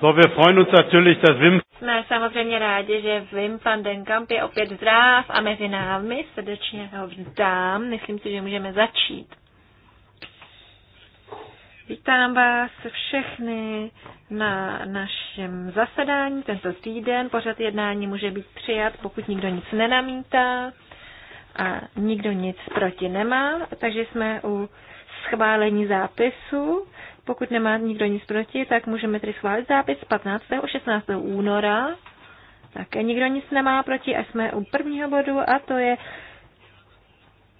So, wir freuen uns natürlich, dass Wim... Jsme samozřejmě rádi, že Wim van den Kamp je opět zdrav a mezi námi srdečně ho vzdám. Myslím si, že můžeme začít. Vítám vás všechny na našem zasedání tento týden. Pořad jednání může být přijat, pokud nikdo nic nenamítá a nikdo nic proti nemá. Takže jsme u schválení zápisu pokud nemá nikdo nic proti, tak můžeme tedy schválit zápis 15. a 16. února. Také nikdo nic nemá proti a jsme u prvního bodu a to je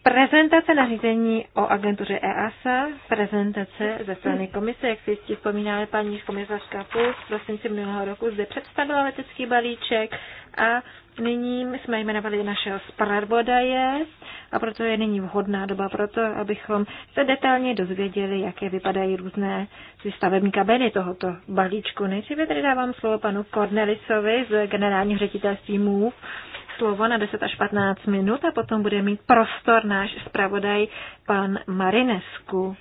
prezentace nařízení o agentuře EASA, prezentace ze strany komise, jak si jistě vzpomínáme paní komisařka Puls, v si minulého roku zde představila letecký balíček a Nyní jsme jmenovali našeho spravodaje a proto je nyní vhodná doba pro to, abychom se detailně dozvěděli, jaké vypadají různé ty stavební kabiny tohoto balíčku. Nejdříve tedy dávám slovo panu Cornelisovi z generálního ředitelství MOVE, slovo na 10 až 15 minut a potom bude mít prostor náš zpravodaj pan Marinesku.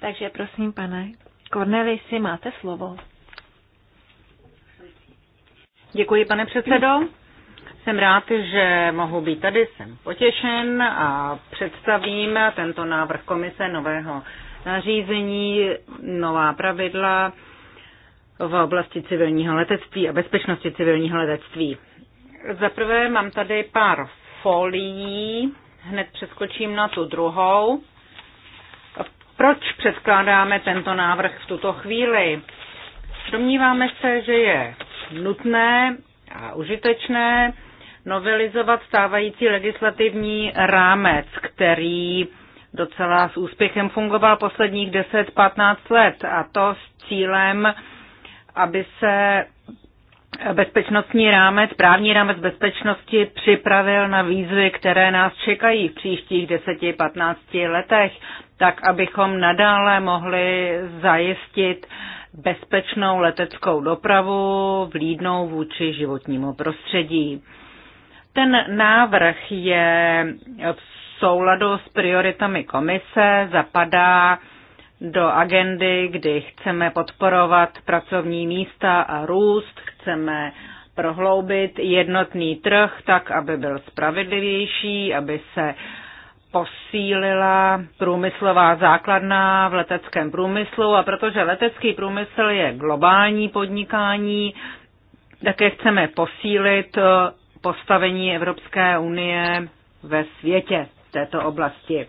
Takže prosím, pane Cornelisi, máte slovo. Děkuji, pane předsedo. Jsem rád, že mohu být tady, jsem potěšen a představím tento návrh komise nového nařízení, nová pravidla v oblasti civilního letectví a bezpečnosti civilního letectví. Za prvé mám tady pár folií, hned přeskočím na tu druhou. Proč předkládáme tento návrh v tuto chvíli? Domníváme se, že je nutné a užitečné novelizovat stávající legislativní rámec, který docela s úspěchem fungoval posledních 10-15 let a to s cílem, aby se bezpečnostní rámec, právní rámec bezpečnosti připravil na výzvy, které nás čekají v příštích 10-15 letech, tak abychom nadále mohli zajistit bezpečnou leteckou dopravu vlídnou vůči životnímu prostředí. Ten návrh je v souladu s prioritami komise, zapadá do agendy, kdy chceme podporovat pracovní místa a růst, chceme prohloubit jednotný trh tak, aby byl spravedlivější, aby se posílila průmyslová základna v leteckém průmyslu a protože letecký průmysl je globální podnikání, také chceme posílit postavení Evropské unie ve světě v této oblasti.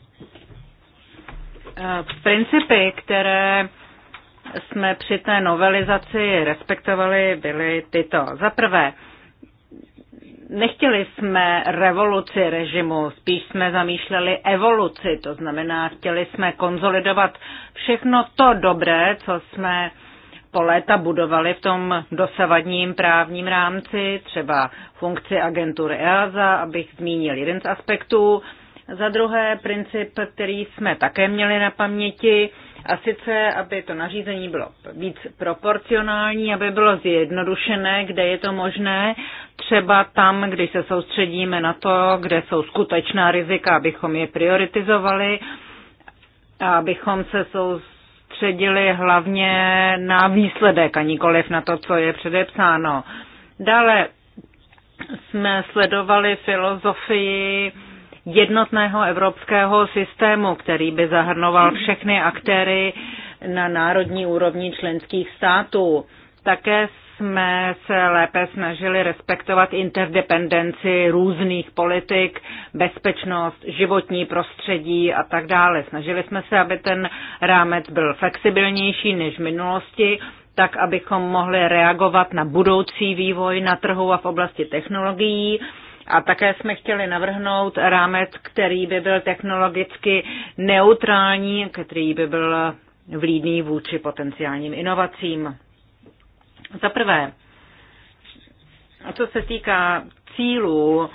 Eh, principy, které jsme při té novelizaci respektovali, byly tyto. Za prvé, nechtěli jsme revoluci režimu, spíš jsme zamýšleli evoluci, to znamená, chtěli jsme konzolidovat všechno to dobré, co jsme po léta budovali v tom dosavadním právním rámci, třeba funkci agentury EASA, abych zmínil jeden z aspektů. Za druhé princip, který jsme také měli na paměti, a sice, aby to nařízení bylo víc proporcionální, aby bylo zjednodušené, kde je to možné, třeba tam, když se soustředíme na to, kde jsou skutečná rizika, abychom je prioritizovali, abychom se soustředili soustředili hlavně na výsledek a nikoliv na to, co je předepsáno. Dále jsme sledovali filozofii jednotného evropského systému, který by zahrnoval všechny aktéry na národní úrovni členských států. Také jsme se lépe snažili respektovat interdependenci různých politik, bezpečnost, životní prostředí a tak dále. Snažili jsme se, aby ten rámec byl flexibilnější než v minulosti, tak abychom mohli reagovat na budoucí vývoj na trhu a v oblasti technologií. A také jsme chtěli navrhnout rámec, který by byl technologicky neutrální, který by byl vlídný vůči potenciálním inovacím. Za prvé, co se týká cílů,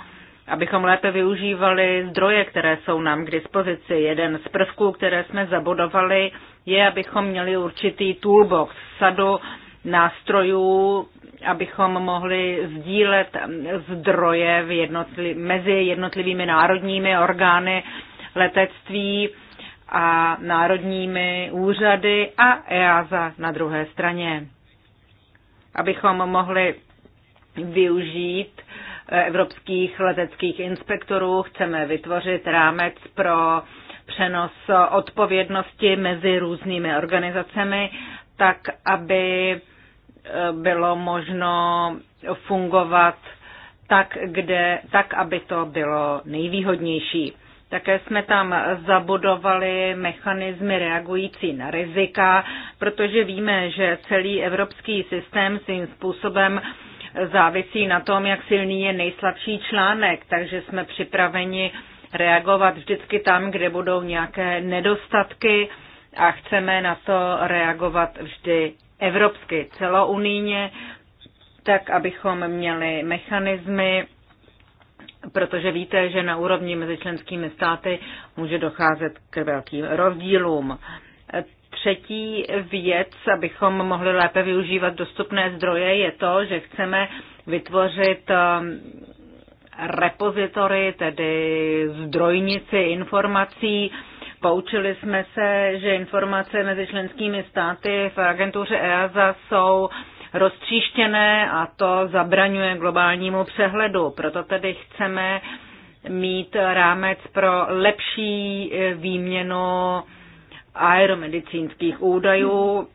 abychom lépe využívali zdroje, které jsou nám k dispozici. Jeden z prvků, které jsme zabudovali, je, abychom měli určitý toolbox, sadu nástrojů, abychom mohli sdílet zdroje v jednotli- mezi jednotlivými národními orgány letectví a národními úřady a EASA na druhé straně abychom mohli využít eh, evropských leteckých inspektorů. Chceme vytvořit rámec pro přenos odpovědnosti mezi různými organizacemi, tak aby eh, bylo možno fungovat tak, kde, tak aby to bylo nejvýhodnější. Také jsme tam zabodovali mechanismy reagující na rizika, protože víme, že celý evropský systém svým způsobem závisí na tom, jak silný je nejslabší článek, takže jsme připraveni reagovat vždycky tam, kde budou nějaké nedostatky a chceme na to reagovat vždy evropsky, celounijně, tak abychom měli mechanismy, protože víte, že na úrovni mezi členskými státy může docházet k velkým rozdílům. Třetí věc, abychom mohli lépe využívat dostupné zdroje, je to, že chceme vytvořit um, repozitory, tedy zdrojnici informací. Poučili jsme se, že informace mezi členskými státy v agentuře EASA jsou uh, roztříštěné a to zabraňuje globálnímu přehledu. Proto tedy chceme mít rámec pro lepší eh, výměnu aeromedicínských údajů.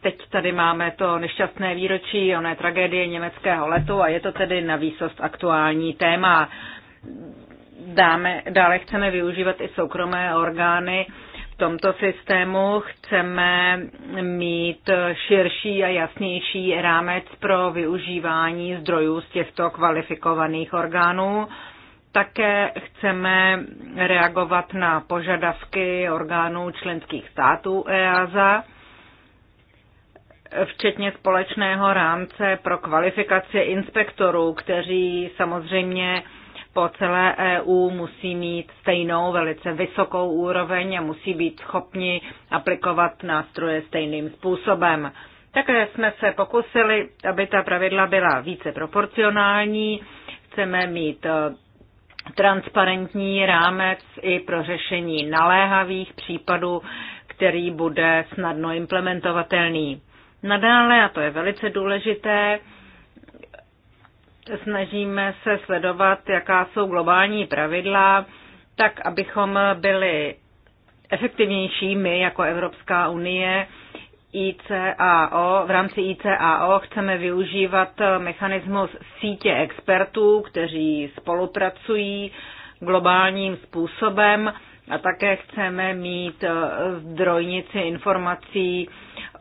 Teď tady máme to nešťastné výročí oné tragédie německého letu a je to tedy na výsost aktuální téma. Dáme, dále chceme využívat i soukromé orgány tomto systému chceme mít širší a jasnější rámec pro využívání zdrojů z těchto kvalifikovaných orgánů. Také chceme reagovat na požadavky orgánů členských států EASA, včetně společného rámce pro kvalifikaci inspektorů, kteří samozřejmě po celé EU musí mít stejnou velice vysokou úroveň a musí být schopni aplikovat nástroje stejným způsobem. Také jsme se pokusili, aby ta pravidla byla více proporcionální. Chceme mít eh, transparentní rámec i pro řešení naléhavých případů, který bude snadno implementovatelný. Nadále, a to je velice důležité, snažíme se sledovat, jaká jsou globální pravidla, tak abychom byli efektivnější my jako Evropská unie. ICAO, v rámci ICAO chceme využívat mechanismus sítě expertů, kteří spolupracují globálním způsobem a také chceme mít zdrojnici informací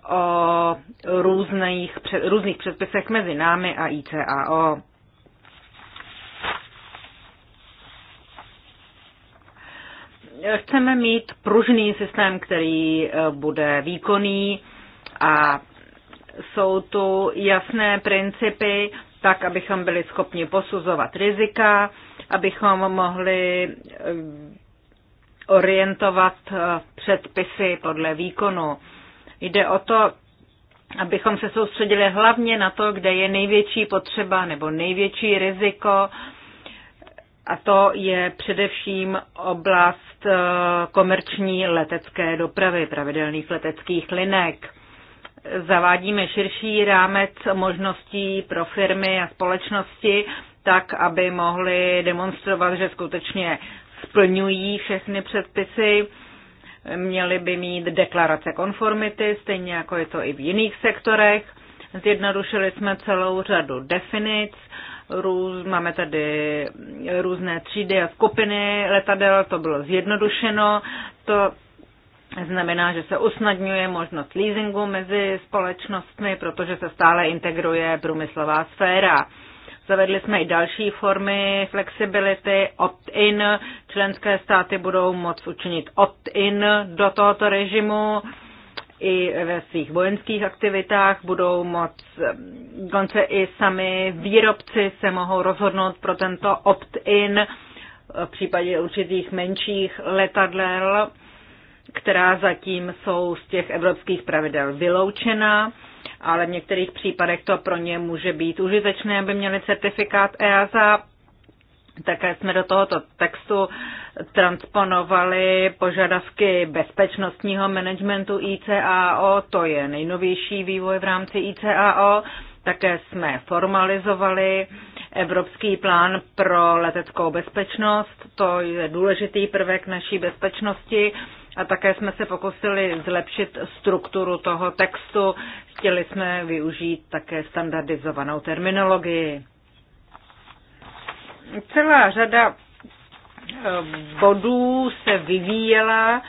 o různých, různých předpisech mezi námi a ICAO. chceme mít pružný systém, který e, bude výkonný a jsou tu jasné principy, tak abychom byli schopni posuzovat rizika, abychom mohli e, orientovat e, předpisy podle výkonu. Jde o to, abychom se soustředili hlavně na to, kde je největší potřeba nebo největší riziko, a to je především oblast Eh, komerční letecké dopravy, pravidelných leteckých linek. Zavádíme širší rámec možností pro firmy a společnosti, tak, aby mohly demonstrovat, že skutečně splňují všechny předpisy. Měly by mít deklarace konformity, stejně jako je to i v jiných sektorech. Zjednodušili jsme celou řadu definic Růz, máme tady různé třídy a skupiny letadel, to bylo zjednodušeno. To znamená, že se usnadňuje možnost leasingu mezi společnostmi, protože se stále integruje průmyslová sféra. Zavedli jsme i další formy flexibility, opt-in. Členské státy budou moct učinit opt-in do tohoto režimu i ve svých vojenských aktivitách, budou moc, dokonce i sami výrobci se mohou rozhodnout pro tento opt-in v případě určitých menších letadel, která zatím jsou z těch evropských pravidel vyloučena, ale v některých případech to pro ně může být užitečné, aby měli certifikát EASA také jsme do tohoto textu transponovali požadavky bezpečnostního managementu ICAO, to je nejnovější vývoj v rámci ICAO. Také jsme formalizovali Evropský plán pro leteckou bezpečnost, to je důležitý prvek naší bezpečnosti a také jsme se pokusili zlepšit strukturu toho textu. Chtěli jsme využít také standardizovanou terminologii. Celá řada eh, bodů se vyvíjela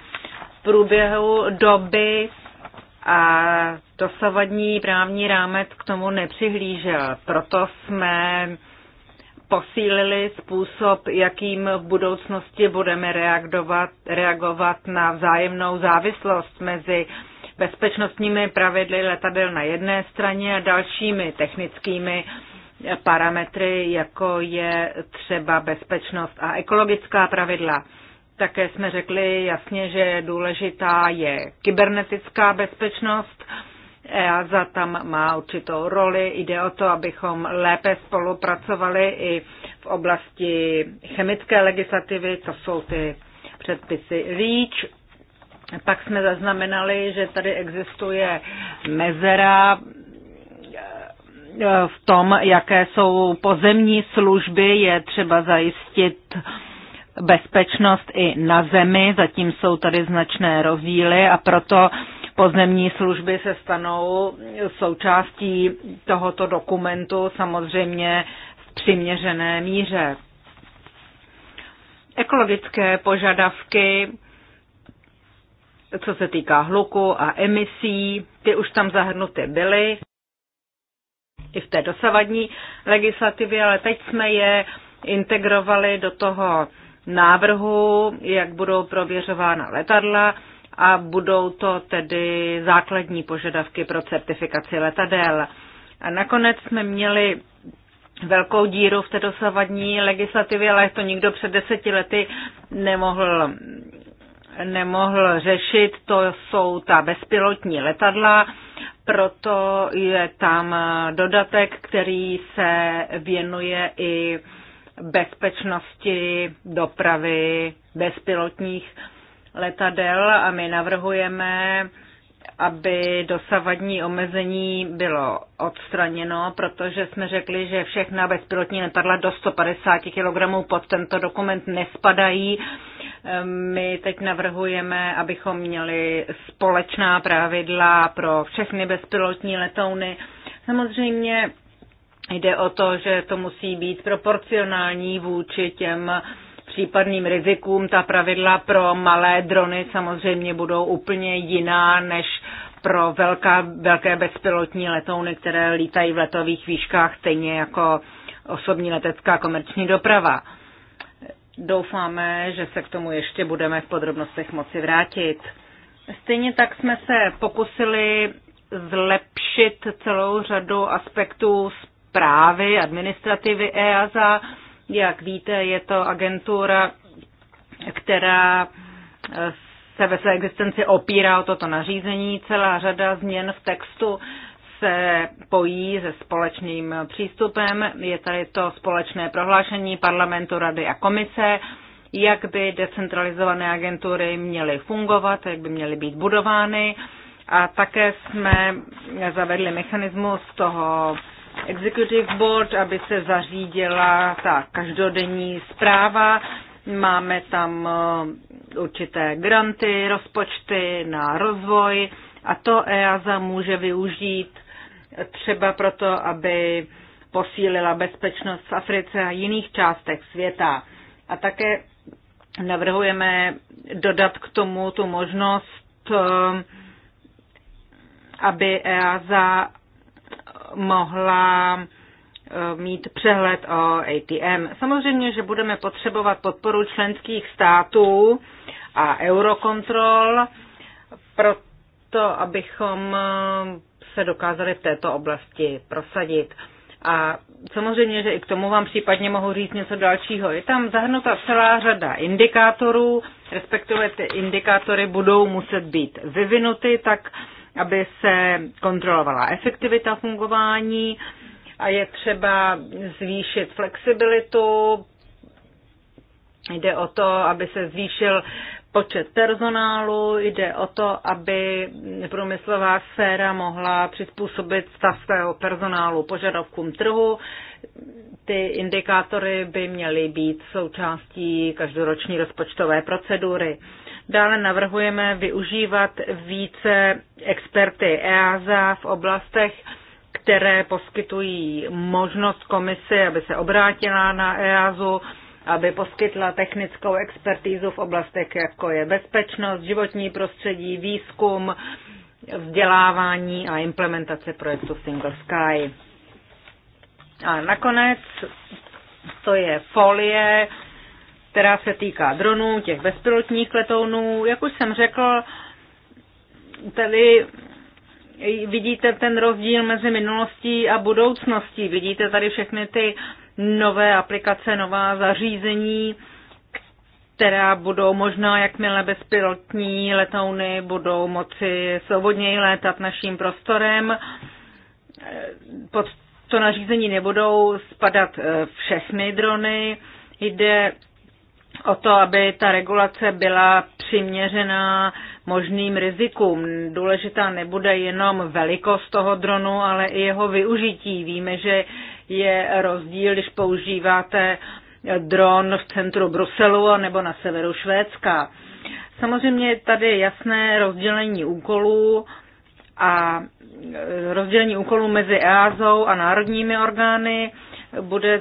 v průběhu doby a dosavadní právní rámec k tomu nepřihlížel. Proto jsme posílili způsob, jakým v budoucnosti budeme reagovat, reagovat na vzájemnou závislost mezi bezpečnostními pravidly letadel na jedné straně a dalšími technickými parametry, jako je třeba bezpečnost a ekologická pravidla. Také jsme řekli jasně, že důležitá je kybernetická bezpečnost. EASA tam má určitou roli. Jde o to, abychom lépe spolupracovali i v oblasti chemické legislativy, to jsou ty předpisy REACH. Pak jsme zaznamenali, že tady existuje mezera v tom, jaké jsou pozemní služby, je třeba zajistit bezpečnost i na zemi, zatím jsou tady značné rozdíly a proto pozemní služby se stanou součástí tohoto dokumentu samozřejmě v přiměřené míře. Ekologické požadavky, co se týká hluku a emisí, ty už tam zahrnuty byly i v té dosavadní legislativě, ale teď jsme je integrovali do toho návrhu, jak budou prověřována letadla a budou to tedy základní požadavky pro certifikaci letadel. A nakonec jsme měli velkou díru v té dosavadní legislativě, ale to nikdo před deseti lety nemohl nemohl řešit, to jsou ta bezpilotní letadla, proto je tam dodatek, který se věnuje i bezpečnosti dopravy bezpilotních letadel a my navrhujeme, aby dosavadní omezení bylo odstraněno, protože jsme řekli, že všechna bezpilotní letadla do 150 kg pod tento dokument nespadají my teď navrhujeme, abychom měli společná pravidla pro všechny bezpilotní letouny. Samozřejmě jde o to, že to musí být proporcionální vůči těm případným rizikům. Ta pravidla pro malé drony samozřejmě budou úplně jiná než pro velká, velké bezpilotní letouny, které lítají v letových výškách stejně jako osobní letecká komerční doprava. Doufáme, že se k tomu ještě budeme v podrobnostech moci vrátit. Stejně tak jsme se pokusili zlepšit celou řadu aspektů zprávy, administrativy EASA. Jak víte, je to agentura, která eh, se ve své existenci opírá o toto nařízení. Celá řada změn v textu se pojí se společným přístupem. Je tady to společné prohlášení parlamentu, rady a komise, jak by decentralizované agentury měly fungovat, jak by měly být budovány. A také jsme zavedli mechanismus toho Executive Board, aby se zařídila ta každodenní zpráva. Máme tam eh, určité granty, rozpočty na rozvoj a to EASA může využít třeba proto, aby posílila bezpečnost v Africe a jiných částech světa. A také navrhujeme dodat k tomu tu možnost, um, aby EASA mohla um, mít přehled o ATM. Samozřejmě, že budeme potřebovat podporu členských států a eurokontrol, proto abychom um, se dokázali v této oblasti prosadit. A samozřejmě, že i k tomu vám případně mohu říct něco dalšího. Je tam zahrnuta celá řada indikátorů, respektive ty indikátory budou muset být vyvinuty tak, aby se kontrolovala efektivita fungování a je třeba zvýšit flexibilitu. Jde o to, aby se zvýšil počet personálu, jde o to, aby průmyslová sféra mohla přizpůsobit stav svého personálu požadavkům trhu. Ty indikátory by měly být součástí každoroční rozpočtové procedury. Dále navrhujeme využívat více experty EASA v oblastech, které poskytují možnost komisi, aby se obrátila na EASu, aby poskytla technickou expertízu v oblastech, jako je bezpečnost, životní prostředí, výzkum, vzdělávání a implementace projektu Single Sky. A nakonec to je folie, která se týká dronů, těch bezpilotních letounů. Jak už jsem řekl, tady vidíte ten rozdíl mezi minulostí a budoucností. Vidíte tady všechny ty nové aplikace, nová zařízení, která budou možná, jakmile bezpilotní letouny budou moci svobodněji létat naším prostorem. Pod to nařízení nebudou spadat eh, všechny drony. Jde o to, aby ta regulace byla přiměřená možným rizikům. Důležitá nebude jenom velikost toho dronu, ale i jeho využití. Víme, že je rozdíl, když používáte dron v centru Bruselu nebo na severu Švédska. Samozřejmě tady je jasné rozdělení úkolů a rozdělení úkolů mezi EASou a národními orgány. Bude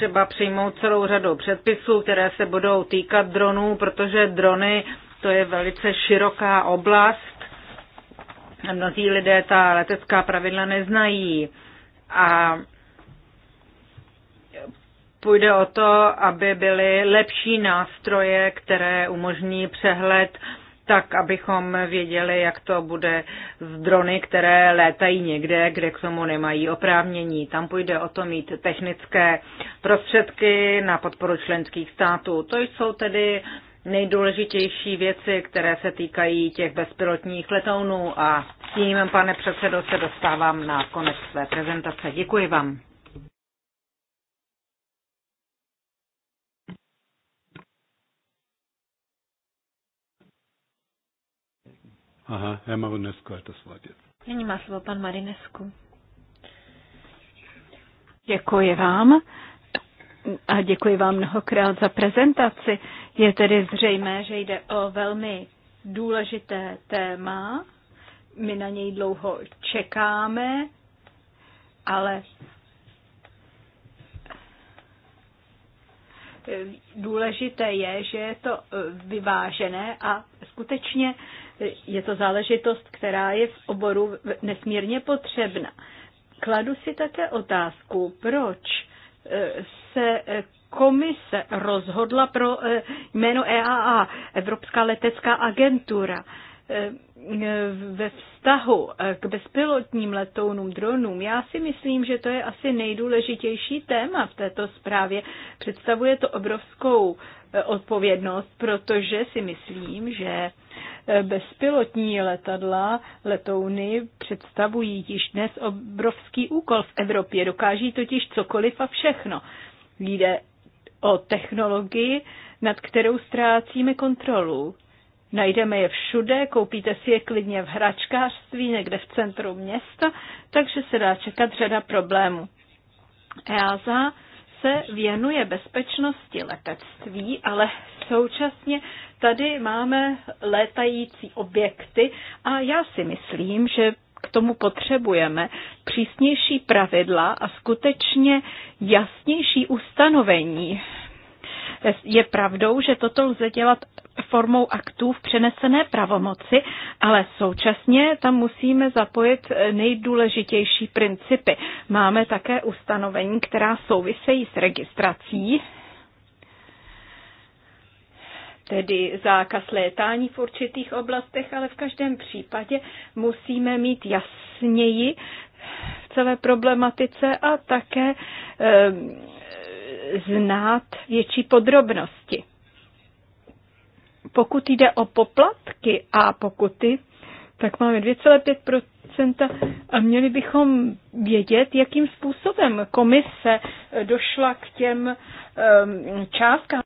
třeba přijmout celou řadu předpisů, které se budou týkat dronů, protože drony to je velice široká oblast. Mnozí lidé ta letecká pravidla neznají. A půjde o to, aby byly lepší nástroje, které umožní přehled tak abychom věděli, jak to bude s drony, které létají někde, kde k tomu nemají oprávnění. Tam půjde o to mít technické prostředky na podporu členských států. To jsou tedy nejdůležitější věci, které se týkají těch bezpilotních letounů a tím, pane předsedo, se dostávám na konec své prezentace. Děkuji vám. Aha, Herr Marinescu hat das Wort jetzt. Nyní má slovo pan Marinescu. Děkuji vám a děkuji vám mnohokrát za prezentaci. Je tedy zřejmé, že jde o velmi důležité téma. My na něj dlouho čekáme, ale důležité je, že je to vyvážené a skutečně je to záležitost, která je v oboru nesmírně potřebna. Kladu si také otázku, proč eh, se eh, komise rozhodla pro eh, jméno EAA, Evropská letecká agentura ve vztahu k bezpilotním letounům, dronům, já si myslím, že to je asi nejdůležitější téma v této zprávě. Představuje to obrovskou odpovědnost, protože si myslím, že Bezpilotní letadla, letouny představují již dnes obrovský úkol v Evropě. Dokáží totiž cokoliv a všechno. Jde o technologii, nad kterou ztrácíme kontrolu. Najdeme je všude, koupíte si je klidně v hračkářství někde v centru města, takže se dá čekat řada problémů. EASA se věnuje bezpečnosti letectví, ale současně tady máme létající objekty a já si myslím, že k tomu potřebujeme přísnější pravidla a skutečně jasnější ustanovení. Je pravdou, že toto lze dělat formou aktů v přenesené pravomoci, ale současně tam musíme zapojit nejdůležitější principy. Máme také ustanovení, která souvisejí s registrací tedy zákaz létání v určitých oblastech, ale v každém případě musíme mít jasněji v celé problematice a také e, znát větší podrobnosti. Pokud jde o poplatky a pokuty, tak máme 2,5% a měli bychom vědět, jakým způsobem komise došla k těm um, částkám.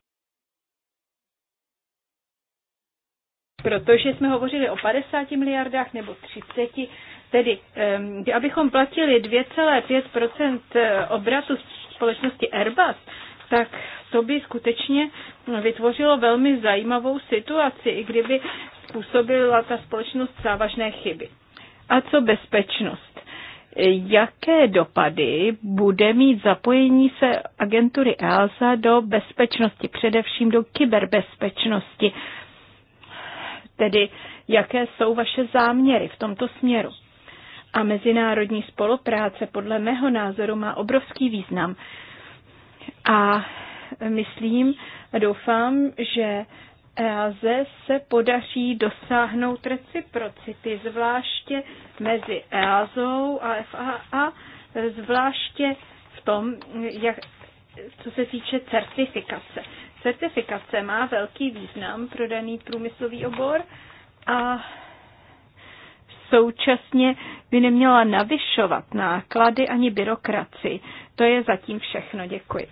protože jsme hovořili o 50 miliardách nebo 30, tedy ehm, abychom platili 2,5 eh, obratu společnosti Airbus, tak to by skutečně vytvořilo velmi zajímavou situaci, i kdyby způsobila ta společnost závažné chyby. A co bezpečnost? Jaké dopady bude mít zapojení se agentury EASA do bezpečnosti, především do kyberbezpečnosti? tedy jaké jsou vaše záměry v tomto směru. A mezinárodní spolupráce podle mého názoru má obrovský význam. A myslím a doufám, že EASE se podaří dosáhnout reciprocity, zvláště mezi EASou a FAA, zvláště v tom, jak, co se týče certifikace certifikace má velký význam pro daný průmyslový obor a současně by neměla navyšovat náklady ani byrokraci. To je zatím všechno. Děkuji.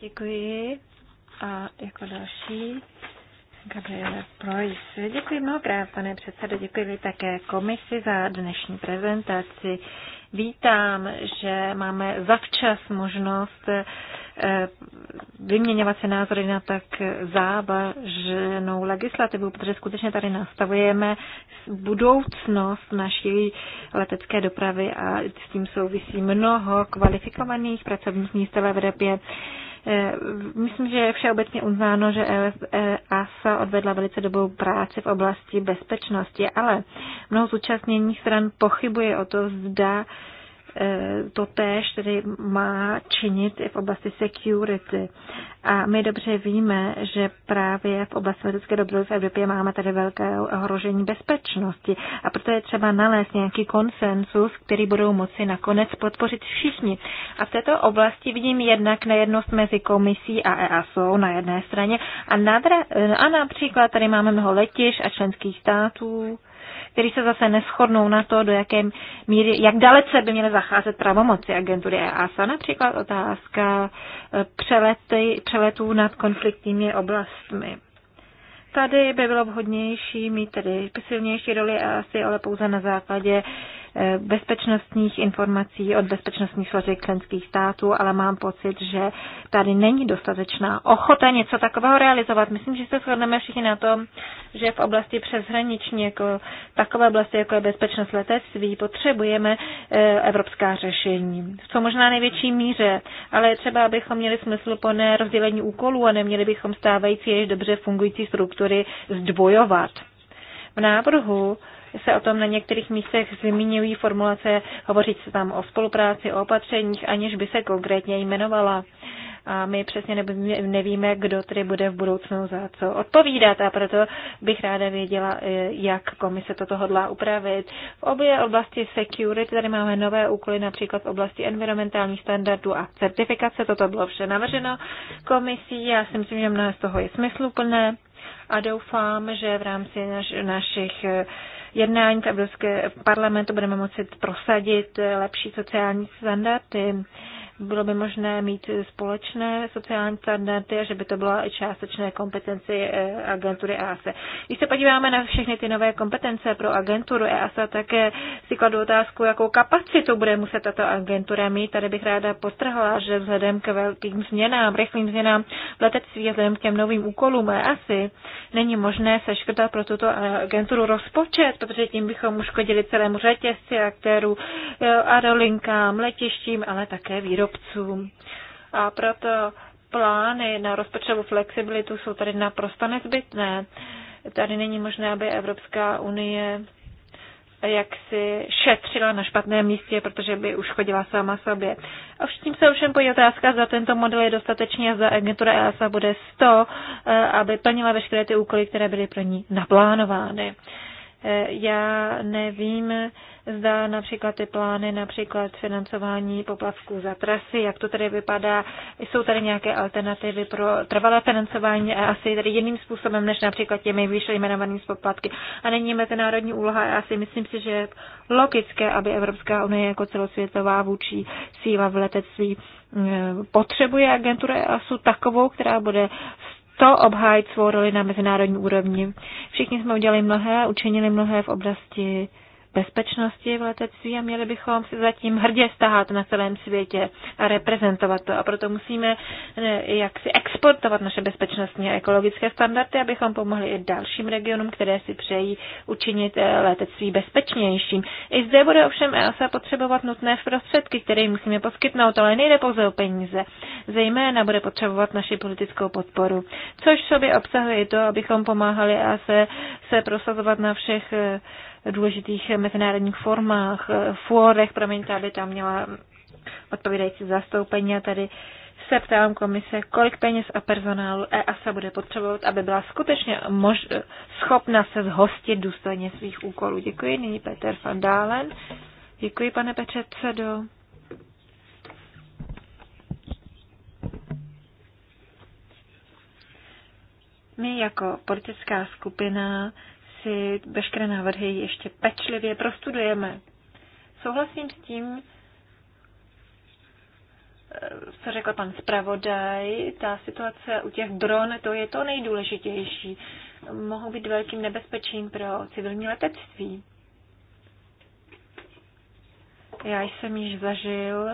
Děkuji. A jako další Gabriele Projs. Děkuji mnohokrát, pane předsedo. Děkuji také komisi za dnešní prezentaci. Vítám, že máme zavčas možnost eh, vyměňovat se názory na tak závažnou legislativu, protože skutečně tady nastavujeme budoucnost naší letecké dopravy a s tím souvisí mnoho kvalifikovaných pracovních míst v Evropě. Eh, myslím, že je všeobecně uznáno, že ASA e odvedla velice dobrou práci v oblasti bezpečnosti, ale mnoho zúčastněných stran pochybuje o to, zda E, to též tedy má činit i v oblasti security. A my dobře víme, že právě v oblasti letecké dobrody v Evropě máme tady velké ohrožení bezpečnosti. A proto je třeba nalézt nějaký konsensus, který budou moci nakonec podpořit všichni. A v této oblasti vidím jednak nejednost mezi komisí a EASO na jedné straně. A, nadra- a například tady máme mnoho letiš a členských států který se zase neschodnou na to, do jaké míry, jak dalece by měly zacházet pravomoci agentury EASA. Například otázka eh, přelety, přeletů nad konfliktními oblastmi. Tady by bylo vhodnější mít tedy silnější roli e asi, ale pouze na základě Eh, bezpečnostních informací od bezpečnostních složek členských států, ale mám pocit, že tady není dostatečná ochota něco takového realizovat. Myslím, že se shodneme všichni na tom, že v oblasti přeshraniční, jako takové oblasti, jako je bezpečnost letectví, potřebujeme eh, evropská řešení. V co možná největší míře, ale je třeba, abychom měli smysl po rozdělení úkolů a neměli bychom stávající již dobře fungující struktury zdvojovat. V návrhu se o tom na některých místech zmiňují formulace, hovoří se tam o spolupráci, o opatřeních, aniž by se konkrétně jmenovala. A my přesně nevíme, kdo tedy bude v budoucnu za co odpovídat a proto bych ráda věděla, e, jak komise toto hodlá upravit. V obě oblasti security tady máme nové úkoly, například v oblasti environmentálních standardů a certifikace. Toto bylo vše navrženo komisí. Já si myslím, že mnohé z toho je smysluplné a doufám, že v rámci naš, našich eh, jednání v Evropské parlamentu budeme moci prosadit eh, lepší sociální standardy bylo by možné mít společné sociální standardy a že by to byla i částečné kompetenci eh, agentury EASA. E. Když se podíváme na všechny ty nové kompetence pro agenturu EASA, e, tak eh, si kladu otázku, jakou kapacitu bude muset tato agentura mít. Tady bych ráda postrhla, že vzhledem k velkým změnám, rychlým změnám v letectví a vzhledem k těm novým úkolům EASA e, není možné seškrtat pro tuto eh, agenturu rozpočet, protože tím bychom uškodili celému řetězci aktérů, aerolinkám, letištím, ale také výrobcům výrobců. A proto plány na rozpočtovou flexibilitu jsou tady naprosto nezbytné. Tady není možné, aby Evropská unie jak si šetřila na špatném místě, protože by už chodila sama sobě. A tím se ovšem pojí otázka, za tento model je dostatečně a zda agentura EASA bude 100, eh, aby plnila veškeré ty úkoly, které byly pro ní naplánovány. Eh, já nevím, zda například ty plány, například financování poplavků za trasy, jak to tady vypadá, jsou tady nějaké alternativy pro trvalé financování a asi tady jiným způsobem, než například těmi výše jmenovanými poplatky. A není mezinárodní úloha já asi myslím si, že je logické, aby Evropská unie jako celosvětová vůči síla v letectví eh, potřebuje a EASu takovou, která bude to obhájit svou roli na mezinárodní úrovni. Všichni jsme udělali mnohé, učinili mnohé v oblasti bezpečnosti v letectví a měli bychom se zatím hrdě stáhat na celém světě a reprezentovat to. A proto musíme eh, jak si exportovat naše bezpečnostní a ekologické standardy, abychom pomohli i dalším regionům, které si přejí učinit eh, letectví bezpečnějším. I zde bude ovšem EASA potřebovat nutné prostředky, které musíme poskytnout, ale nejde pouze o peníze. Zejména bude potřebovat naši politickou podporu, což sobě obsahuje i to, abychom pomáhali EASA se prosazovat na všech eh, důležitých mezinárodních formách, fórech, promiňte, aby tam měla odpovídající zastoupení a tady se ptám komise, kolik peněz a personálu EASA bude potřebovat, aby byla skutečně mož- schopna se zhostit důstojně svých úkolů. Děkuji. Nyní Peter van Dalen. Děkuji, pane předsedo. My jako politická skupina si veškeré návrhy ještě pečlivě prostudujeme. Souhlasím s tím, eh, co řekl pan zpravodaj, ta situace u těch dron, to je to nejdůležitější. Mohou být velkým nebezpečím pro civilní letectví. Já jsem již zažil,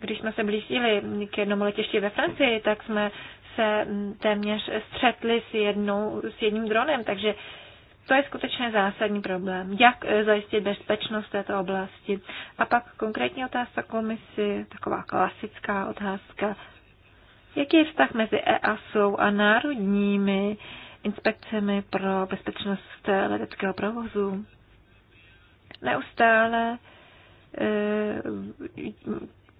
když jsme se blížili k jednomu letišti ve Francii, tak jsme se téměř střetli s, jednou, s jedním dronem, takže to je skutečně zásadní problém. Jak eh, zajistit bezpečnost této oblasti? A pak konkrétní otázka komisi, taková klasická otázka. Jaký je vztah mezi EASO a národními inspekcemi pro bezpečnost leteckého provozu? Neustále e,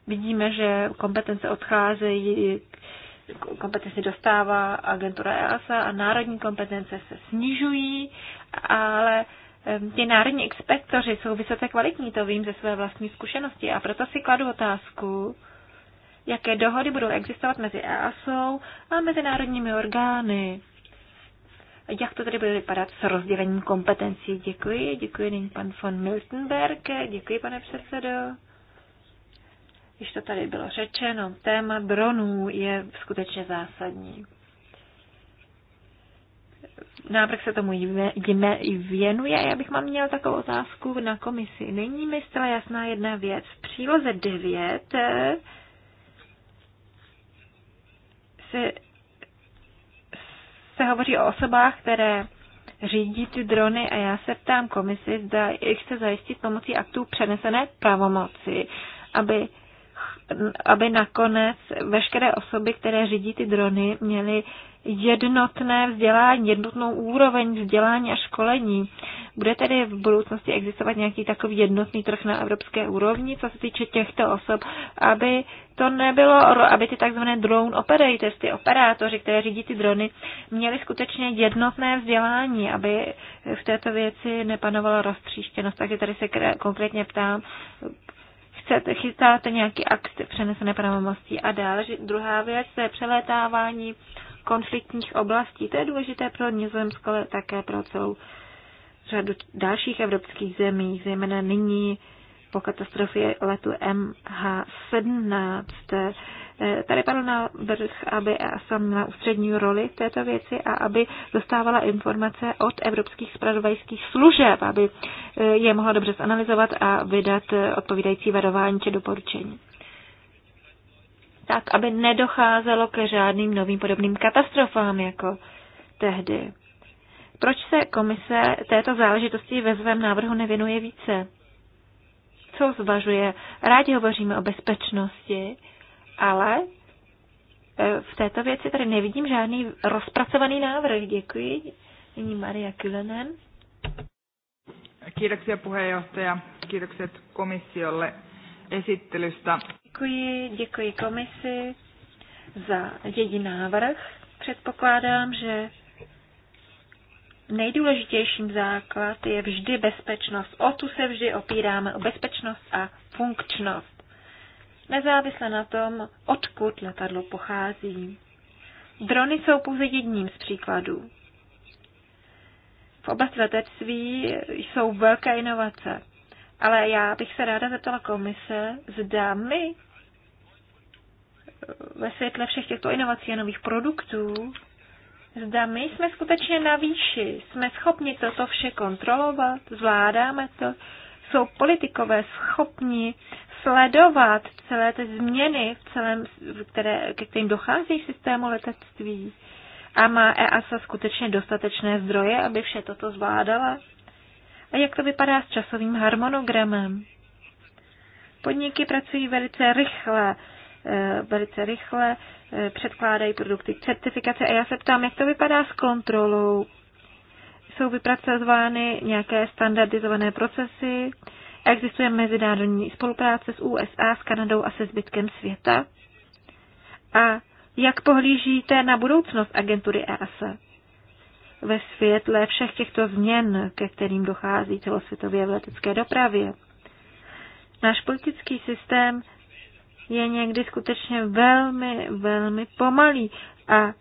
vidíme, že kompetence odcházejí kompetenci dostává agentura EASA a národní kompetence se snižují, ale ty národní inspektoři jsou vysoce kvalitní, to vím ze své vlastní zkušenosti a proto si kladu otázku, jaké dohody budou existovat mezi EASou a mezinárodními orgány. Jak to tedy bude vypadat s rozdělením kompetencí? Děkuji, děkuji nyní pan von Miltenberg, děkuji pane předsedo. Když to tady bylo řečeno, téma dronů je skutečně zásadní. Návrh se tomu věnuje já bych mám měl takovou otázku na komisi. Není mi zcela jasná jedna věc. V příloze 9 eh, se, se hovoří o osobách, které řídí ty drony a já se ptám komisi, zda chce zajistit pomocí aktů přenesené pravomoci, aby aby nakonec veškeré osoby, které řídí ty drony, měly jednotné vzdělání, jednotnou úroveň vzdělání a školení. Bude tedy v budoucnosti existovat nějaký takový jednotný trh na evropské úrovni, co se týče těchto osob, aby to nebylo, aby ty takzvané drone operators, ty operátoři, které řídí ty drony, měli skutečně jednotné vzdělání, aby v této věci nepanovala roztříštěnost. Takže tady se konkrétně ptám, chcete, chystáte nějaký akce přenesené pravomocnosti a dále. Druhá věc je přelétávání konfliktních oblastí. To je důležité pro Nizozemsko, ale také pro celou řadu dalších evropských zemí, zejména nyní po katastrofě letu MH17 Eh, tady padl návrh, aby ASA e měla ústřední roli v této věci a aby dostávala informace od evropských spravodajských služeb, aby eh, je mohla dobře zanalizovat a vydat eh, odpovídající varování či doporučení tak, aby nedocházelo ke žádným novým podobným katastrofám jako tehdy. Proč se komise této záležitosti ve svém návrhu nevěnuje více? Co zvažuje? Rádi hovoříme o bezpečnosti, ale eh, v této věci tady nevidím žádný rozpracovaný návrh. Děkuji. Nyní Maria Kylenen. Kiitoksia puheenjohtaja. Kiitokset komissiolle esittelystä. Děkuji, děkuji komisi za její návrh. Předpokládám, že nejdůležitějším základ je vždy bezpečnost. O tu se vždy opíráme, o bezpečnost a funkčnost nezávisle na tom, odkud letadlo pochází. Drony jsou pouze jedním z příkladů. V oblasti letectví jsou velké inovace, ale já bych se ráda zeptala komise, zda my eh, ve světle všech těchto inovací a nových produktů, zda my jsme skutečně na výši, jsme schopni toto vše kontrolovat, zvládáme to, jsou politikové schopni sledovat celé ty změny, v celém, které, ke kterým dochází v systému letectví? A má EASA skutečně dostatečné zdroje, aby vše toto zvládala? A jak to vypadá s časovým harmonogramem? Podniky pracují velice rychle, eh, velice rychle eh, předkládají produkty k certifikaci a já se ptám, jak to vypadá s kontrolou? Jsou vypracovány nějaké standardizované procesy, Existuje mezinárodní spolupráce s USA, s Kanadou a se zbytkem světa? A jak pohlížíte na budoucnost agentury EASA? Ve světle všech těchto změn, ke kterým dochází celosvětově v letecké dopravě, náš politický systém je někdy skutečně velmi, velmi pomalý a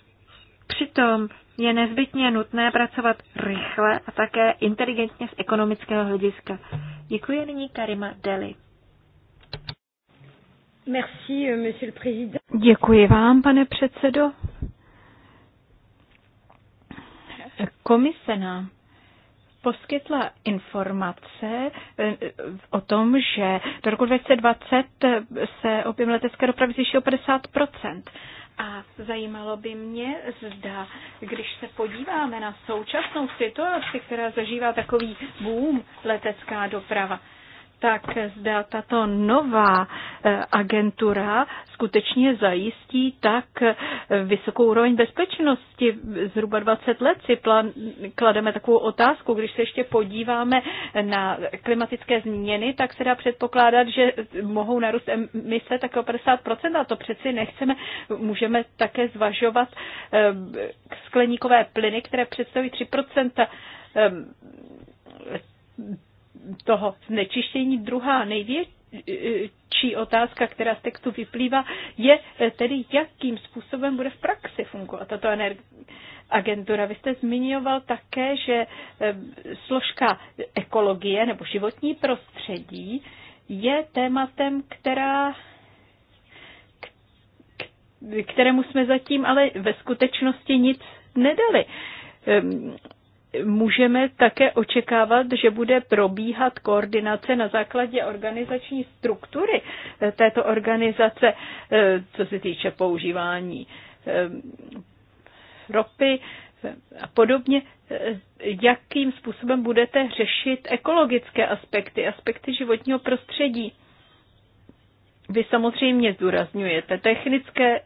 přitom je nezbytně nutné pracovat rychle a také inteligentně z ekonomického hlediska. Děkuji nyní Karima Deli. Merci, monsieur le président. Děkuji vám, pane předsedo. Komise nám poskytla informace eh, o tom, že do roku 2020 eh, se objem letecké dopravy zvýšil 50 a zajímalo by mě, zda, když se podíváme na současnou situaci, která zažívá takový boom letecká doprava, tak zda tato nová eh, agentura skutečně zajistí tak eh, vysokou úroveň bezpečnosti. Zhruba 20 let si plan, klademe takovou otázku. Když se ještě podíváme na klimatické změny, tak se dá předpokládat, že mohou narůst emise tak o 50%, a to přeci nechceme. Můžeme také zvažovat eh, skleníkové plyny, které představují 3% toho znečištění. Druhá největší otázka, která z textu vyplývá, je eh, tedy, jakým způsobem bude v praxi fungovat tato agentura. Vy jste zmiňoval také, že eh, složka ekologie nebo životní prostředí je tématem, která kterému jsme zatím ale ve skutečnosti nic nedali. Ehm, můžeme také očekávat, že bude probíhat koordinace na základě organizační struktury eh, této organizace, eh, co se týče používání eh, ropy a podobně. Jakým způsobem budete řešit ekologické aspekty, aspekty životního prostředí? Vy samozřejmě zdůrazňujete technické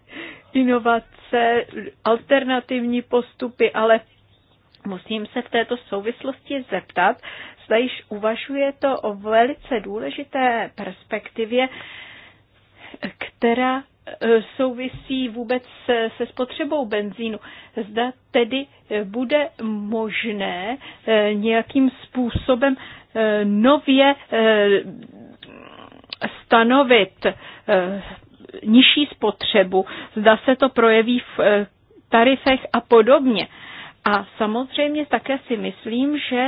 inovace, alternativní postupy, ale Musím se v této souvislosti zeptat, zda již uvažuje to o velice důležité perspektivě, která e, souvisí vůbec se spotřebou benzínu. Zda tedy e, bude možné e, nějakým způsobem nově stanovit nižší spotřebu, zda se to projeví v tarifech a podobně. A samozřejmě také si myslím, že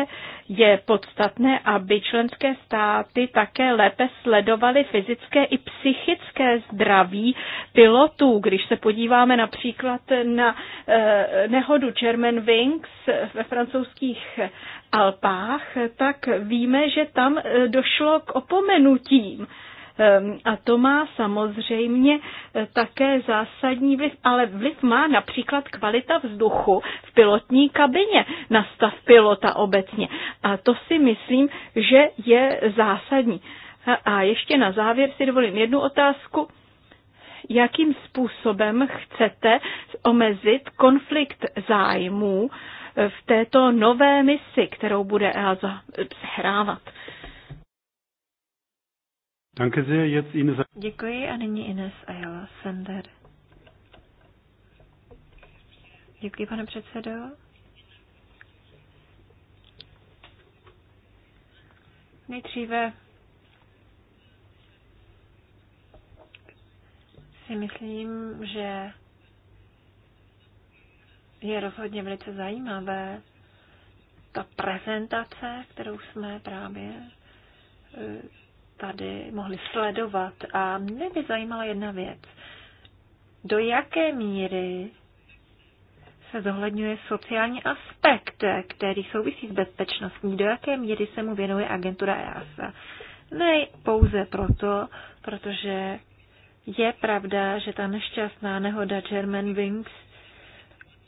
je podstatné, aby členské státy také lépe sledovaly fyzické i psychické zdraví pilotů. Když se podíváme například na eh, nehodu Wings ve francouzských Alpách, tak víme, že tam eh, došlo k opomenutím eh, Ehm, a to má samozřejmě eh, také zásadní vliv, ale vliv má například kvalita vzduchu v pilotní kabině na stav pilota obecně. A to si myslím, že je zásadní. A ještě na závěr si dovolím jednu otázku jakým způsobem chcete omezit konflikt zájmů eh, v této nové misi, kterou bude EASA sehrávat. Danke sehr, jetzt Ines. Děkuji a nyní Ines Ayala Sender. Děkuji, pane předsedo. Nejdříve si myslím, že je rozhodně velice zajímavé ta prezentace, kterou jsme právě eh, tady mohli sledovat. A mě by zajímala jedna věc. Do jaké míry se zohledňuje sociální aspekt, který souvisí s bezpečností, do jaké míry se mu věnuje agentura EASA. Ne pouze proto, protože je pravda, že ta nešťastná nehoda Germanwings,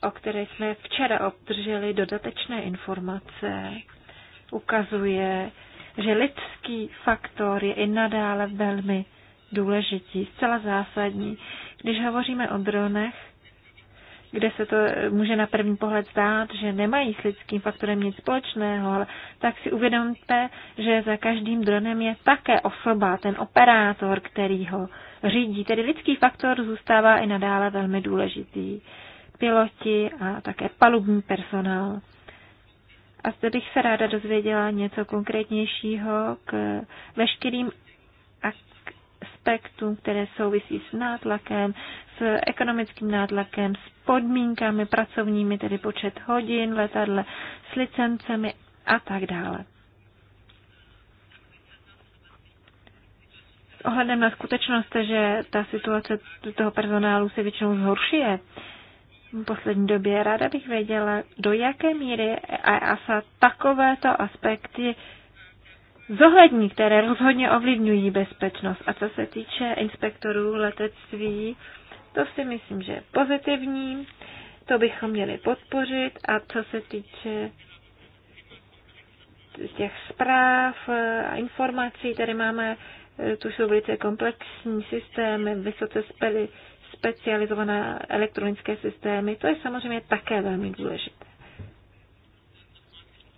o které jsme včera obdrželi dodatečné informace, ukazuje, že lidský faktor je i nadále velmi důležitý, zcela zásadní. Když hovoříme o dronech, kde se to může na první pohled zdát, že nemají s lidským faktorem nic společného, ale tak si uvědomte, že za každým dronem je také osoba, ten operátor, který ho řídí. Tedy lidský faktor zůstává i nadále velmi důležitý. Piloti a také palubní personál. A zde bych se ráda dozvěděla něco konkrétnějšího k veškerým aspektům, které souvisí s nátlakem, s ekonomickým nátlakem, s podmínkami pracovními, tedy počet hodin, letadle, s licencemi a tak dále. S ohledem na skutečnost, že ta situace toho personálu se většinou zhoršuje, poslední době. Ráda bych věděla, do jaké míry EASA takovéto aspekty zohlední, které rozhodně ovlivňují bezpečnost. A co se týče inspektorů letectví, to si myslím, že je pozitivní, to bychom měli podpořit. A co se týče těch zpráv a informací, které máme, eh, tu jsou velice komplexní systémy, vysoce specializované elektronické systémy, to je samozřejmě také velmi důležité.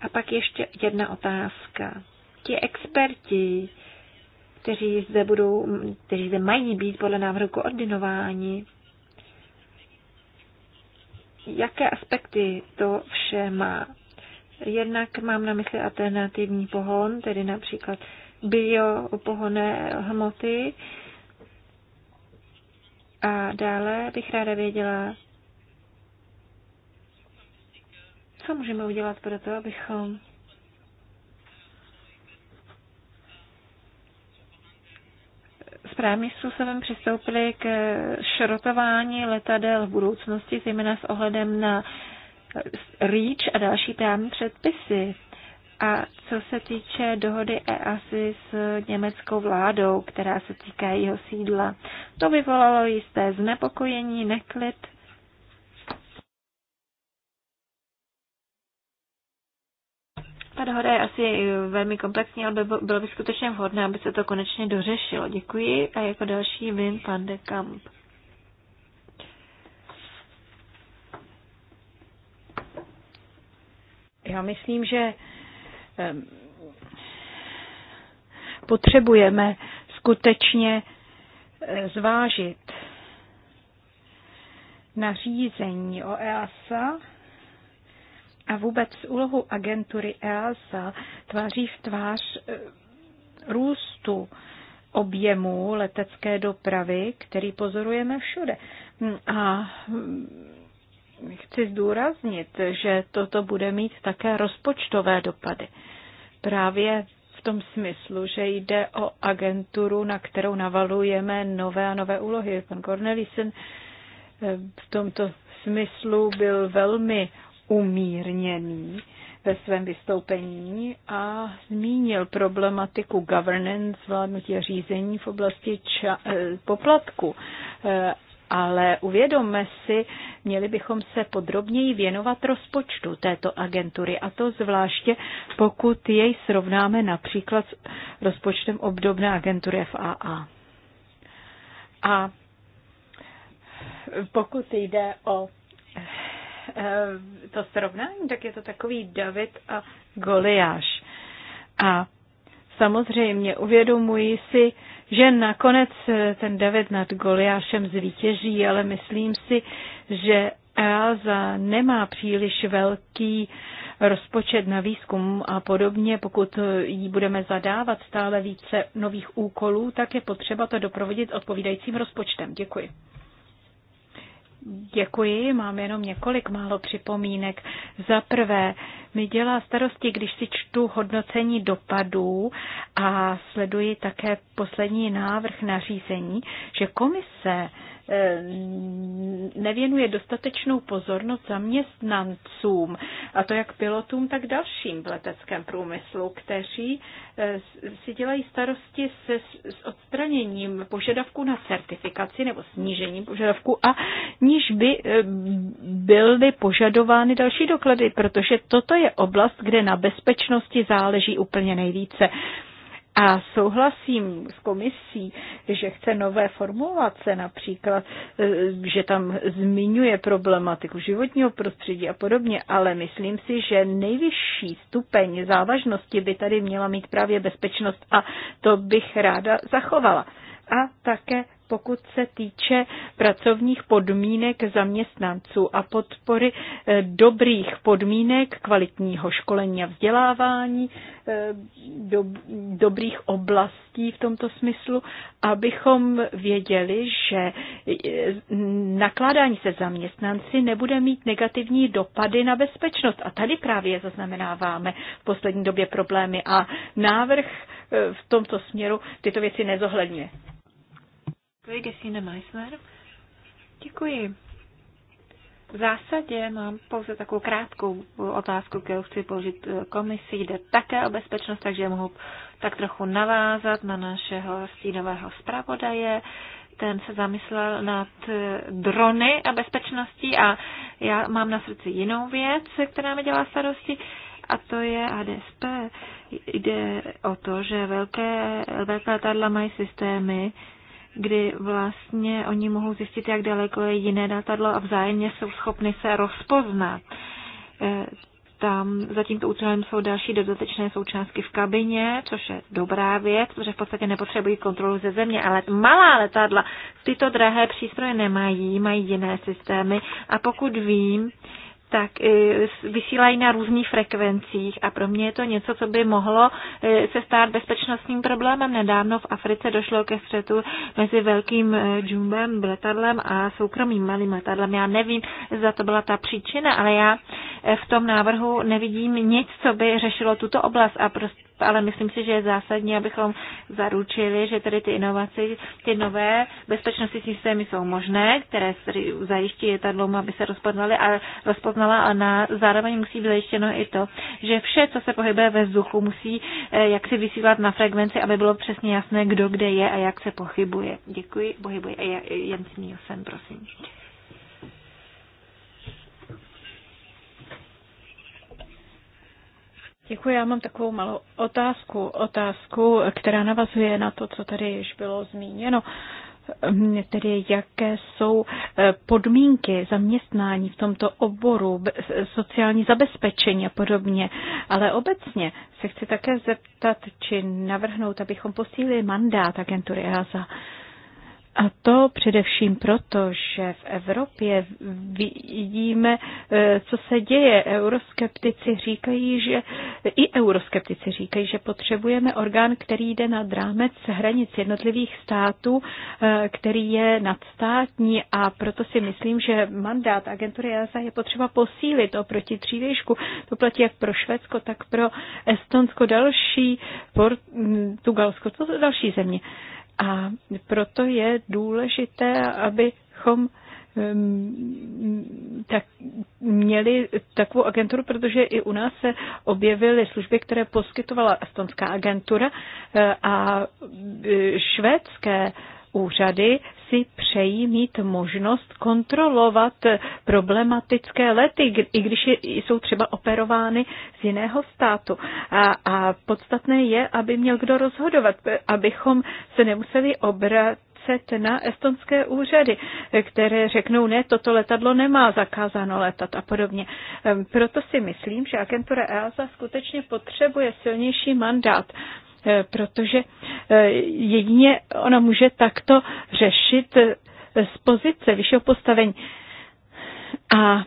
A pak ještě jedna otázka. Ti experti, kteří zde budou, kteří zde mají být podle návrhu koordinováni, jaké aspekty to vše má? Jednak mám na mysli alternativní pohon, tedy například biopohonné hmoty, a dále bych ráda věděla, co můžeme udělat pro to, abychom správným způsobem přistoupili k šrotování letadel v budoucnosti, zejména s ohledem na REACH a další právní předpisy. A co se týče dohody EASI s německou vládou, která se týká jeho sídla, to vyvolalo jisté znepokojení, neklid. Ta dohoda e je asi velmi komplexní, ale bylo by skutečně vhodné, aby se to konečně dořešilo. Děkuji. A jako další vin Pan de Kamp. Já myslím, že Potřebujeme skutečně eh, zvážit nařízení o EASA a vůbec úlohu agentury EASA tváří v tvář eh, růstu objemu letecké dopravy, který pozorujeme všude. Hm, a hm, Chci zdůraznit, že toto bude mít také rozpočtové dopady. Právě v tom smyslu, že jde o agenturu, na kterou navalujeme nové a nové úlohy. Pan Cornelissen eh, v tomto smyslu byl velmi umírněný ve svém vystoupení a zmínil problematiku governance, vládnutí a řízení v oblasti ča- eh, poplatku eh, ale uvědomme si, měli bychom se podrobněji věnovat rozpočtu této agentury a to zvláště pokud jej srovnáme například s rozpočtem obdobné agentury FAA. A pokud jde o eh, to srovnání, tak je to takový David a Goliáš. A samozřejmě uvědomuji si, že nakonec eh, ten David nad Goliášem zvítěží, ale myslím si, že EASA nemá příliš velký rozpočet na výzkum a podobně. Pokud eh, jí budeme zadávat stále více nových úkolů, tak je potřeba to doprovodit odpovídajícím rozpočtem. Děkuji. Děkuji, mám jenom několik málo připomínek. Za prvé, mi dělá starosti, když si čtu hodnocení dopadů a sleduji také poslední návrh nařízení, že komise Eh, nevěnuje dostatečnou pozornost zaměstnancům, a to jak pilotům, tak dalším v leteckém průmyslu, kteří eh, si dělají starosti se, s odstraněním požadavků na certifikaci nebo snížením požadavků a níž by eh, byly požadovány další doklady, protože toto je oblast, kde na bezpečnosti záleží úplně nejvíce. A souhlasím s komisí, že chce nové formulace, například, eh, že tam zmiňuje problematiku životního prostředí a podobně, ale myslím si, že nejvyšší stupeň závažnosti by tady měla mít právě bezpečnost a to bych ráda zachovala. A také pokud se týče pracovních podmínek zaměstnanců a podpory eh, dobrých podmínek, kvalitního školení a vzdělávání, eh, do, dobrých oblastí v tomto smyslu, abychom věděli, že eh, nakládání se zaměstnanci nebude mít negativní dopady na bezpečnost. A tady právě zaznamenáváme v poslední době problémy a návrh v tomto směru tyto věci nezohledňuje. Děkuji, Gesine Meissner. Děkuji. V zásadě mám pouze takovou krátkou otázku, kterou chci položit eh, komisi. Jde také o bezpečnost, takže mohu tak trochu navázat na našeho stínového zpravodaje. Ten se zamyslel nad eh, drony a bezpečností a já mám na srdci jinou věc, která mi dělá starosti a to je ADSP. Jde o to, že velké, velké letadla mají systémy, kdy vlastně oni mohou zjistit, jak daleko je jiné letadlo a vzájemně jsou schopni se rozpoznat. E, tam za tímto účelem jsou další dodatečné součástky v kabině, což je dobrá věc, protože v podstatě nepotřebují kontrolu ze země, ale malá letadla tyto drahé přístroje nemají, mají jiné systémy a pokud vím, tak eh, vysílají na různých frekvencích a pro mě je to něco, co by mohlo eh, se stát bezpečnostním problémem. Nedávno v Africe došlo ke střetu mezi velkým eh, džumbem, letadlem a soukromým malým letadlem. Já nevím, zda to byla ta příčina, ale já v tom návrhu nevidím nic, co by řešilo tuto oblast a prostě ale myslím si, že je zásadní, abychom zaručili, že tedy ty inovace, ty nové bezpečnostní systémy jsou možné, které zajiští letadlům, aby se rozpoznaly a rozpoznala a na, zároveň musí být zajištěno i to, že vše, co se pohybuje ve vzduchu, musí eh, jak si vysílat na frekvenci, aby bylo přesně jasné, kdo kde je a jak se pohybuje. Děkuji, pohybuje. Jens Nielsen, prosím. Děkuji, já mám takovou malou otázku. Otázku, která navazuje na to, co tady již bylo zmíněno. Ehm, tedy jaké jsou eh, podmínky zaměstnání v tomto oboru, sociální zabezpečení a podobně. Ale obecně se chci také zeptat, či navrhnout, abychom posílili mandát agentury EASA. A to především proto, že v Evropě vidíme, e, co se děje. Euroskeptici říkají, že i euroskeptici říkají, že potřebujeme orgán, který jde nad rámec hranic jednotlivých států, e, který je nadstátní a proto si myslím, že mandát agentury EASA je potřeba posílit oproti dřívějšku. To platí jak pro Švédsko, tak pro Estonsko, další, Portugalsko, to další země. A proto je důležité, abychom tak měli takovou agenturu, protože i u nás se objevily služby, které poskytovala estonská agentura e, a e, švédské úřady si přejí mít možnost kontrolovat problematické lety, i když jsou třeba operovány z jiného státu. A, a podstatné je, aby měl kdo rozhodovat, abychom se nemuseli obrat obracet na estonské úřady, které řeknou, ne, toto letadlo nemá zakázáno letat a podobně. Ehm, proto si myslím, že agentura EASA skutečně potřebuje silnější mandát Eh, protože eh, jedině ona může takto řešit eh, z pozice vyššího postavení. A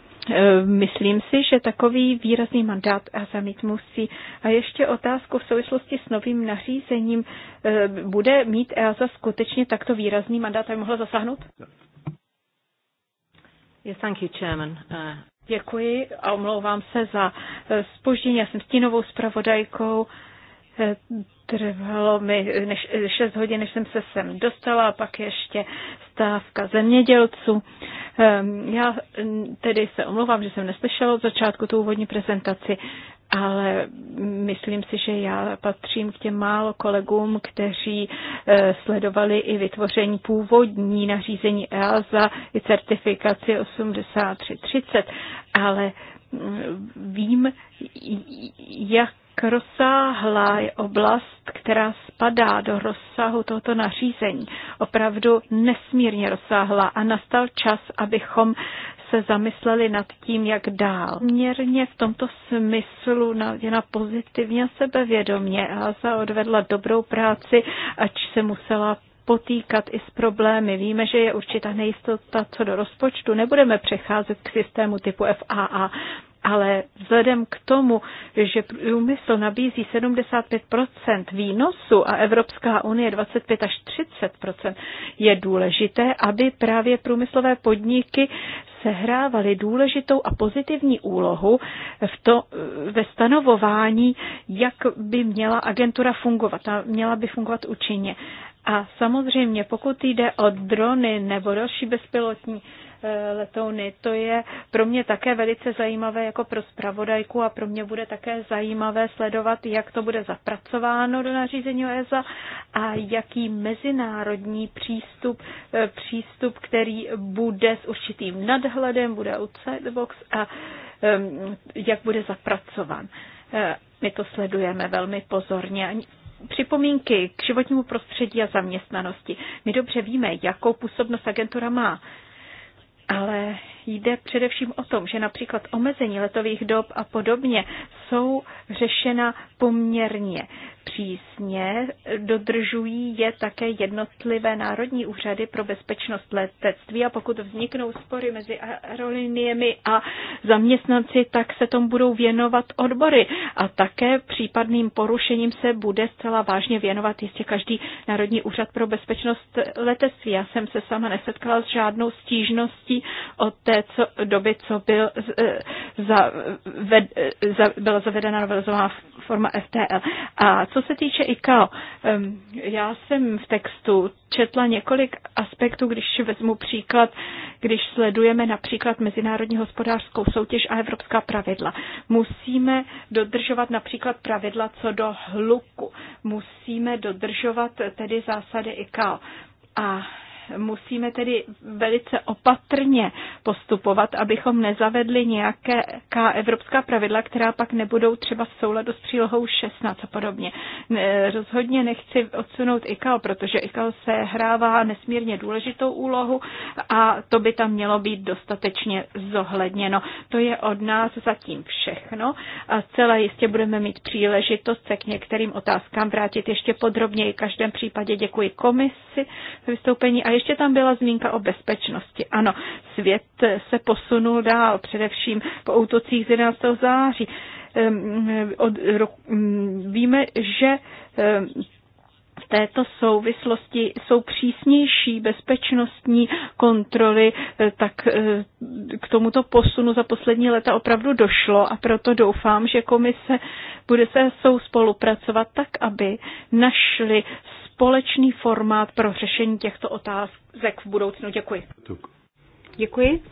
myslím si, že takový výrazný mandát a zamít musí. A ještě otázku v souvislosti s novým nařízením. Bude mít EASA skutečně takto výrazný mandát, aby mohla zasáhnout? Yes, thank you, Chairman. Uh... Děkuji a omlouvám se za spoždění. Já jsem stínovou zpravodajkou Trvalo mi než, 6 hodin, než jsem se sem dostala, a pak ještě stávka zemědělců. Ehm, já tedy se omlouvám, že jsem neslyšela od začátku tu úvodní prezentaci, ale myslím si, že já patřím k těm málo kolegům, kteří eh, sledovali i vytvoření původní nařízení EASA i certifikaci 8330, ale mm, vím, jak rozsáhlá je oblast, která spadá do rozsahu tohoto nařízení. Opravdu nesmírně rozsáhlá a nastal čas, abychom se zamysleli nad tím, jak dál. Měrně v tomto smyslu na pozitivně a sebevědomě Elza odvedla dobrou práci, ač se musela potýkat i s problémy. Víme, že je určitá nejistota co do rozpočtu. Nebudeme přecházet k systému typu FAA ale vzhledem k tomu, že průmysl nabízí 75 výnosu a Evropská unie 25 až 30 je důležité, aby právě průmyslové podniky sehrávaly důležitou a pozitivní úlohu v to, ve stanovování, jak by měla agentura fungovat a měla by fungovat účinně. A samozřejmě, pokud jde o drony nebo další bezpilotní Eh, letouny. To je pro mě také velice zajímavé jako pro zpravodajku a pro mě bude také zajímavé sledovat, jak to bude zapracováno do nařízení ESA a jaký mezinárodní přístup, eh, přístup, který bude s určitým nadhledem, bude outside the box a jak bude zapracován, eh, My to sledujeme velmi pozorně. Připomínky k životnímu prostředí a zaměstnanosti. My dobře víme, jakou působnost agentura má ale jde především o tom, že například omezení letových dob a podobně jsou řešena poměrně přísně. Dodržují je také jednotlivé národní úřady pro bezpečnost letectví a pokud vzniknou spory mezi aeroliniemi a zaměstnanci, tak se tomu budou věnovat odbory a také případným porušením se bude zcela vážně věnovat jistě každý Národní úřad pro bezpečnost letectví. Já jsem se sama nesetkala s žádnou stížností od té co, doby, co byl, e, za, ved, e, za, byla zavedena novelizová forma FTL. A co se týče ICAO, já jsem v textu četla několik aspektů, když vezmu příklad, když sledujeme například mezinárodní hospodářskou soutěž a evropská pravidla. Musíme dodržovat například pravidla co do hluku. Musíme dodržovat tedy zásady ICAO. A Musíme tedy velice opatrně postupovat, abychom nezavedli nějaké evropská pravidla, která pak nebudou třeba v souladu s přílohou 16 a podobně. Rozhodně nechci odsunout ICAO, protože ICAO se hrává nesmírně důležitou úlohu a to by tam mělo být dostatečně zohledněno. To je od nás zatím všechno a celé jistě budeme mít příležitost se k některým otázkám vrátit ještě podrobněji. V každém případě děkuji komisi za vystoupení a ještě tam byla zmínka o bezpečnosti. Ano, svět se posunul dál, především po útocích z 11. září. Ehm, od, víme, že ehm, této souvislosti jsou přísnější bezpečnostní kontroly, eh, tak eh, k tomuto posunu za poslední leta opravdu došlo a proto doufám, že komise bude se sou spolupracovat tak, aby našli společný formát pro řešení těchto otázek v budoucnu. Děkuji. Děkuji.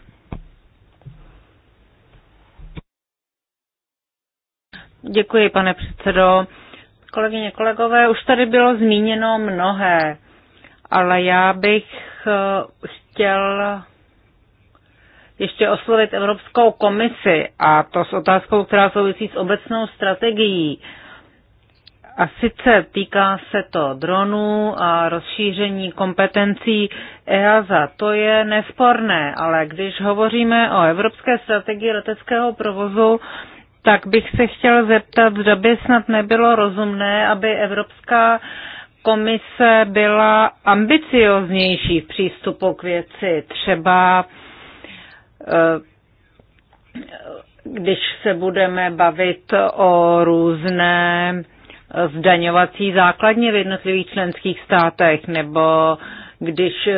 Děkuji, pane předsedo kolegyně, kolegové, už tady bylo zmíněno mnohé, ale já bych eh, chtěl ještě oslovit Evropskou komisi a to s otázkou, která souvisí s obecnou strategií. A sice týká se to dronů a rozšíření kompetencí EASA. To je nesporné, ale když hovoříme o Evropské strategii leteckého provozu, tak bych se chtěl zeptat, zda by snad nebylo rozumné, aby Evropská komise byla ambicioznější v přístupu k věci. Třeba eh, když se budeme bavit o různé eh, zdaňovací základně v jednotlivých členských státech nebo když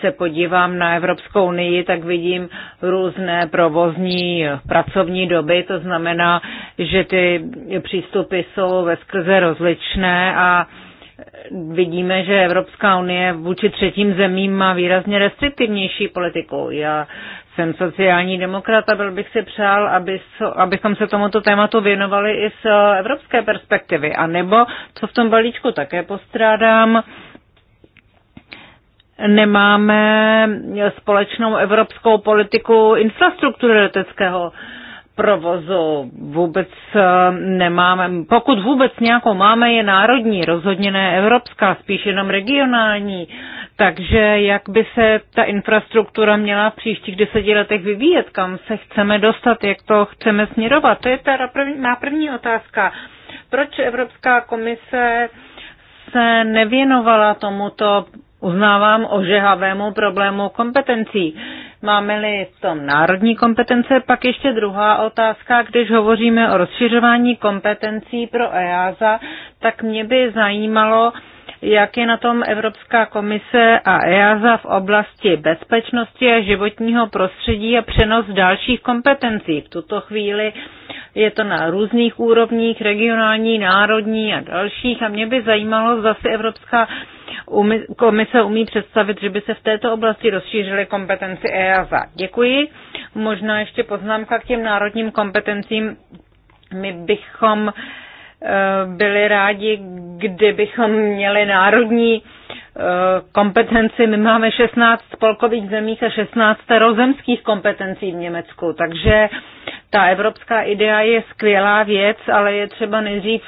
se podívám na Evropskou unii, tak vidím různé provozní pracovní doby, to znamená, že ty přístupy jsou ve skrze rozličné a vidíme, že Evropská unie vůči třetím zemím má výrazně restriktivnější politiku. Já jsem sociální demokrat a byl bych si přál, aby, abychom se tomuto tématu věnovali i z evropské perspektivy. A nebo, co v tom balíčku také postrádám, nemáme společnou evropskou politiku infrastruktury leteckého provozu. Vůbec eh, nemáme, pokud vůbec nějakou máme, je národní, rozhodně ne evropská, spíš jenom regionální. Takže jak by se ta infrastruktura měla v příštích deseti letech vyvíjet, kam se chceme dostat, jak to chceme směrovat? To je ta první, má první otázka. Proč Evropská komise se nevěnovala tomuto uznávám ožehavému problému kompetencí. Máme-li v tom národní kompetence, pak ještě druhá otázka, když hovoříme o rozšiřování kompetencí pro EASA, tak mě by zajímalo, jak je na tom Evropská komise a EASA v oblasti bezpečnosti a životního prostředí a přenos dalších kompetencí. V tuto chvíli je to na různých úrovních, regionální, národní a dalších a mě by zajímalo, zase Evropská komise umí představit, že by se v této oblasti rozšířily kompetence EASA. Děkuji. Možná ještě poznámka k těm národním kompetencím. My bychom Eh, byli rádi, kdybychom měli národní eh, kompetenci. My máme 16 spolkových zemích a 16 rozemských kompetencí v Německu, takže ta evropská idea je skvělá věc, ale je třeba nejdřív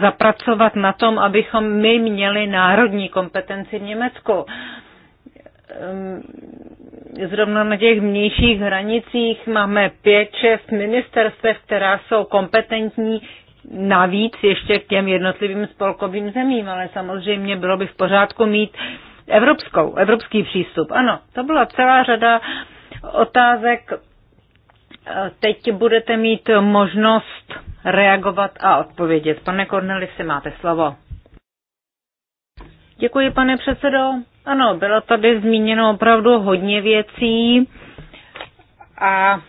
zapracovat na tom, abychom my měli národní kompetenci v Německu. Ehm, zrovna na těch vnějších hranicích máme pět, šest ministerstv, která jsou kompetentní navíc ještě k těm jednotlivým spolkovým zemím, ale samozřejmě bylo by v pořádku mít evropskou, evropský přístup. Ano, to byla celá řada otázek. Teď budete mít možnost reagovat a odpovědět. Pane Korneli, si máte slovo. Děkuji, pane předsedo. Ano, bylo tady zmíněno opravdu hodně věcí a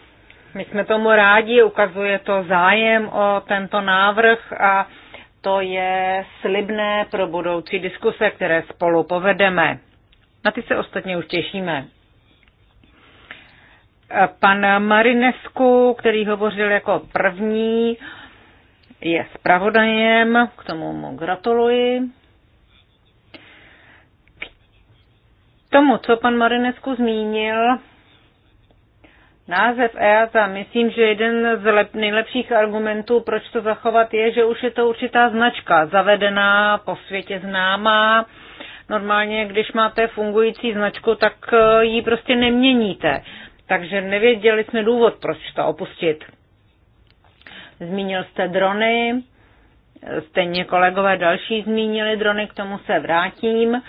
my jsme tomu rádi, ukazuje to zájem o tento návrh a to je slibné pro budoucí diskuse, které spolu povedeme. Na ty se ostatně už těšíme. Pan Marinesku, který hovořil jako první, je zpravodajem, k tomu mu gratuluji. K tomu, co pan Marinesku zmínil, název EASA. Myslím, že jeden z lep, nejlepších argumentů, proč to zachovat, je, že už je to určitá značka, zavedená, po světě známá. Normálně, když máte fungující značku, tak eh, ji prostě neměníte. Takže nevěděli jsme důvod, proč to opustit. Zmínil jste drony, stejně kolegové další zmínili drony, k tomu se vrátím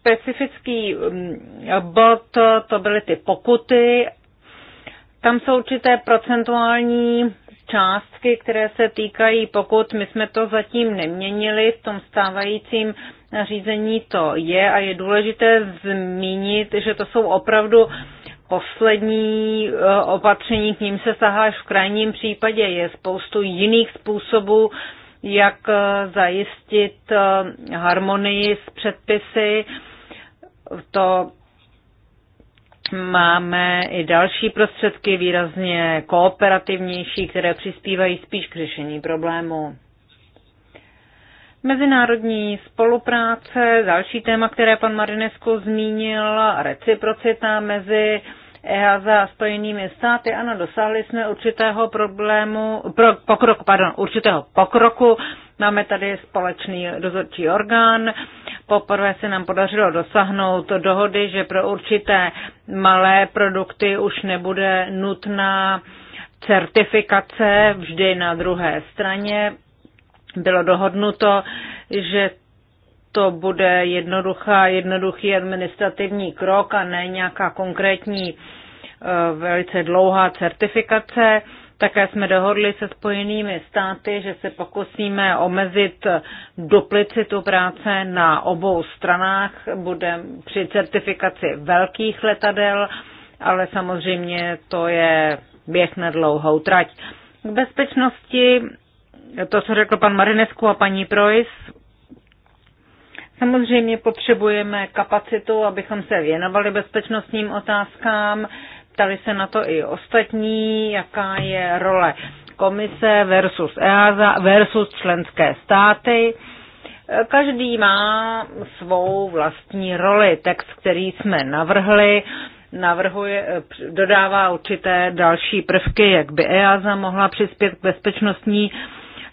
specifický mm, bod, to byly ty pokuty tam jsou určité procentuální částky, které se týkají pokud My jsme to zatím neměnili, v tom stávajícím řízení to je a je důležité zmínit, že to jsou opravdu poslední e, opatření, k ním se saháš v krajním případě. Je spoustu jiných způsobů, jak e, zajistit e, harmonii s předpisy. To Máme i další prostředky, výrazně kooperativnější, které přispívají spíš k řešení problému. Mezinárodní spolupráce, další téma, které pan Marinesko zmínil, reciprocita mezi EASA a Spojenými státy. Ano, dosáhli jsme určitého problému, pro, pokrok, pardon, určitého pokroku Máme tady společný dozorčí orgán. Poprvé se nám podařilo dosáhnout dohody, že pro určité malé produkty už nebude nutná certifikace vždy na druhé straně. Bylo dohodnuto, že to bude jednoduchá, jednoduchý administrativní krok a ne nějaká konkrétní eh, velice dlouhá certifikace. Také jsme dohodli se spojenými státy, že se pokusíme omezit duplicitu práce na obou stranách bude při certifikaci velkých letadel, ale samozřejmě to je běh na dlouhou trať. K bezpečnosti, to, co řekl pan Marinesku a paní Projs, Samozřejmě potřebujeme kapacitu, abychom se věnovali bezpečnostním otázkám. Ptali se na to i ostatní, jaká je role komise versus EASA versus členské státy. Každý má svou vlastní roli. Text, který jsme navrhli, navrhuje, dodává určité další prvky, jak by EASA mohla přispět k bezpečnostní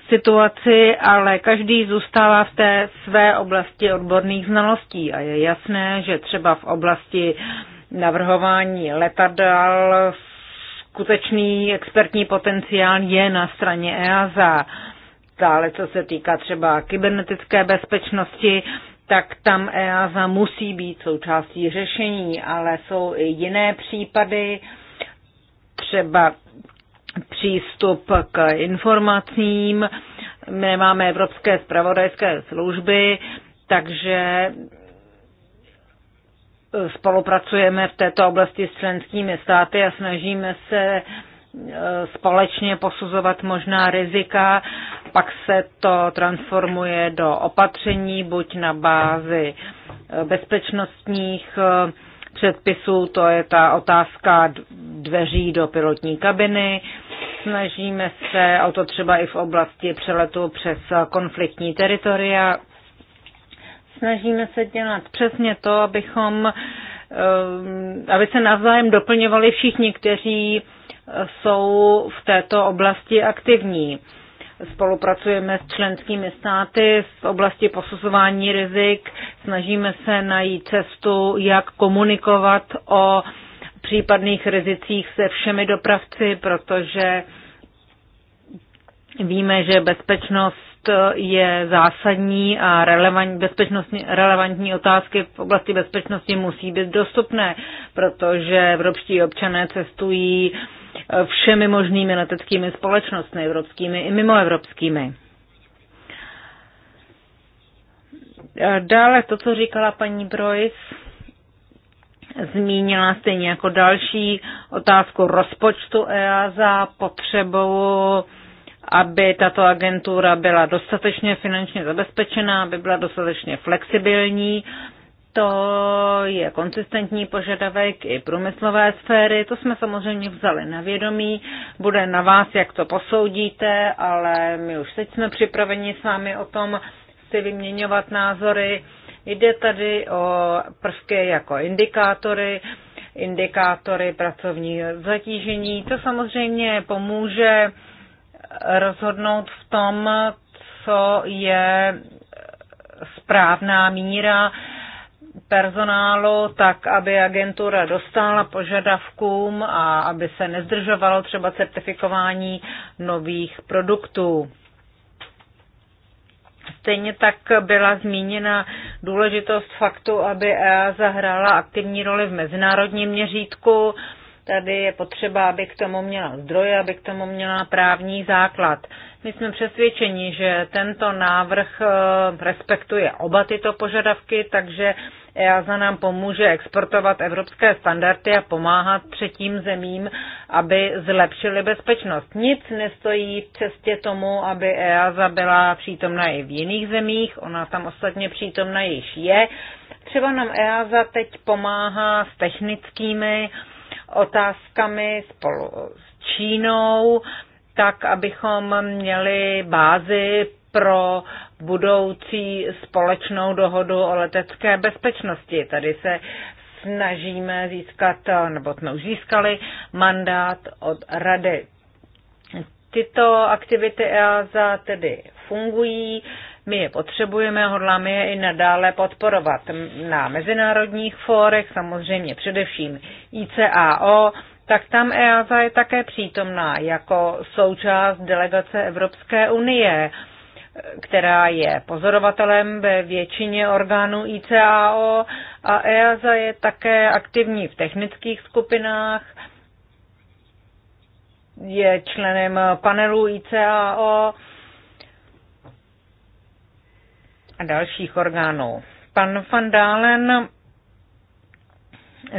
situaci, ale každý zůstává v té své oblasti odborných znalostí a je jasné, že třeba v oblasti uh, navrhování letadel. Skutečný expertní potenciál je na straně EASA. Dále, co se týká třeba kybernetické bezpečnosti, tak tam EASA musí být součástí řešení, ale jsou i jiné případy, třeba přístup k informacím. My máme evropské spravodajské služby, takže spolupracujeme v této oblasti s členskými státy a snažíme se e, společně posuzovat možná rizika, pak se to transformuje do opatření, buď na bázi e, bezpečnostních e, předpisů, to je ta otázka dveří do pilotní kabiny. Snažíme se o to třeba i v oblasti přeletu přes konfliktní teritoria. Snažíme se dělat přesně to, abychom, eh, aby se navzájem doplňovali všichni, kteří eh, jsou v této oblasti aktivní. Spolupracujeme s členskými státy v oblasti posuzování rizik, snažíme se najít cestu, jak komunikovat o případných rizicích se všemi dopravci, protože víme, že bezpečnost Eh, je zásadní a relevant, bezpečnostní, relevantní otázky v oblasti bezpečnosti musí být dostupné, protože evropští občané cestují eh, všemi možnými leteckými společnostmi, evropskými i mimoevropskými. Eh, dále to, co říkala paní Brojs, zmínila stejně jako další otázku rozpočtu EASA, potřebu aby tato agentura byla dostatečně finančně zabezpečená, aby byla dostatečně flexibilní. To je konsistentní požadavek i průmyslové sféry. To jsme samozřejmě vzali na vědomí. Bude na vás, jak to posoudíte, ale my už teď jsme připraveni s vámi o tom si vyměňovat názory. Jde tady o prvky jako indikátory, indikátory pracovního zatížení. To samozřejmě pomůže rozhodnout v tom, co je správná míra personálu, tak aby agentura dostala požadavkům a aby se nezdržovalo třeba certifikování nových produktů. Stejně tak byla zmíněna důležitost faktu, aby EA zahrála aktivní roli v mezinárodním měřítku. Tady je potřeba, aby k tomu měla zdroje, aby k tomu měla právní základ. My jsme přesvědčeni, že tento návrh eh, respektuje oba tyto požadavky, takže EASA nám pomůže exportovat evropské standardy a pomáhat třetím zemím, aby zlepšili bezpečnost. Nic nestojí v cestě tomu, aby EASA byla přítomna i v jiných zemích, ona tam ostatně přítomna již je. Třeba nám EASA teď pomáhá s technickými uh, otázkami spolu s Čínou, tak abychom měli bázi pro budoucí společnou dohodu o letecké bezpečnosti. Tady se snažíme získat, nebo jsme už získali mandát od Rady. Tyto aktivity EASA tedy fungují, my je potřebujeme, hodláme je i nadále podporovat na mezinárodních fórech, samozřejmě především ICAO, tak tam EASA je také přítomná jako součást delegace Evropské unie, která je pozorovatelem ve většině orgánů ICAO a EASA e je také aktivní v technických skupinách, je členem panelu ICAO, a dalších orgánů. Pan van Dalen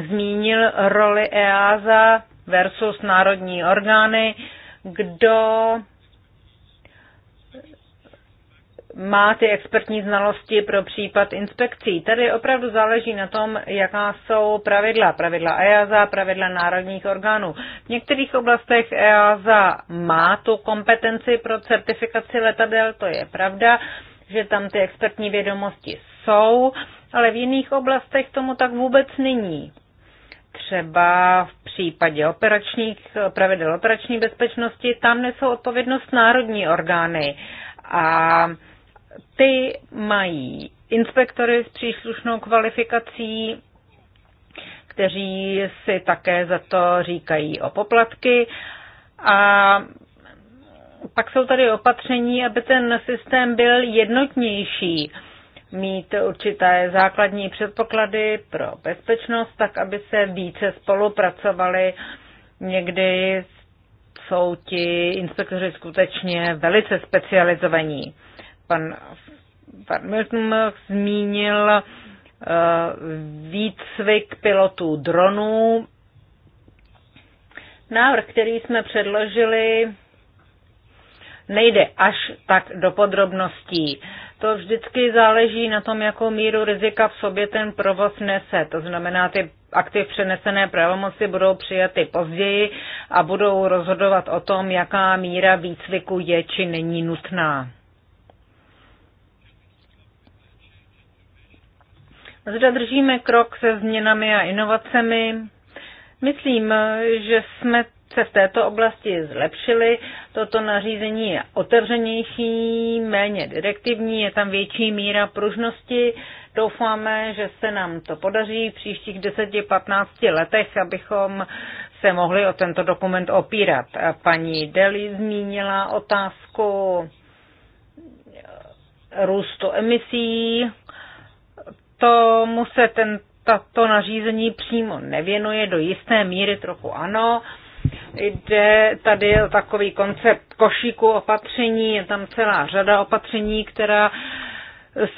zmínil roli EASA versus národní orgány, kdo má ty expertní znalosti pro případ inspekcí. Tady opravdu záleží na tom, jaká jsou pravidla. Pravidla EASA, pravidla národních orgánů. V některých oblastech EASA má tu kompetenci pro certifikaci letadel, to je pravda že tam ty expertní vědomosti jsou, ale v jiných oblastech tomu tak vůbec není. Třeba v případě operačních, pravidel operační bezpečnosti, tam nesou odpovědnost národní orgány a ty mají inspektory s příslušnou kvalifikací, kteří si také za to říkají o poplatky a pak jsou tady opatření, aby ten systém byl jednotnější, mít určité základní předpoklady pro bezpečnost, tak aby se více spolupracovali. Někdy jsou ti inspektoři skutečně velice specializovaní. Pan, pan zmínil eh, výcvik pilotů dronů. Návrh, který jsme předložili, nejde až tak do podrobností. To vždycky záleží na tom, jakou míru rizika v sobě ten provoz nese. To znamená, ty aktiv přenesené pravomoci budou přijaty později a budou rozhodovat o tom, jaká míra výcviku je či není nutná. Zda držíme krok se změnami a inovacemi. Myslím, že jsme se v této oblasti zlepšily. Toto nařízení je otevřenější, méně direktivní, je tam větší míra pružnosti. Doufáme, že se nám to podaří v příštích 10-15 letech, abychom se mohli o tento dokument opírat. Paní Deli zmínila otázku růstu emisí. Tomu se ten, tato nařízení přímo nevěnuje, do jisté míry trochu ano. Jde tady o takový koncept košíku opatření, je tam celá řada opatření, která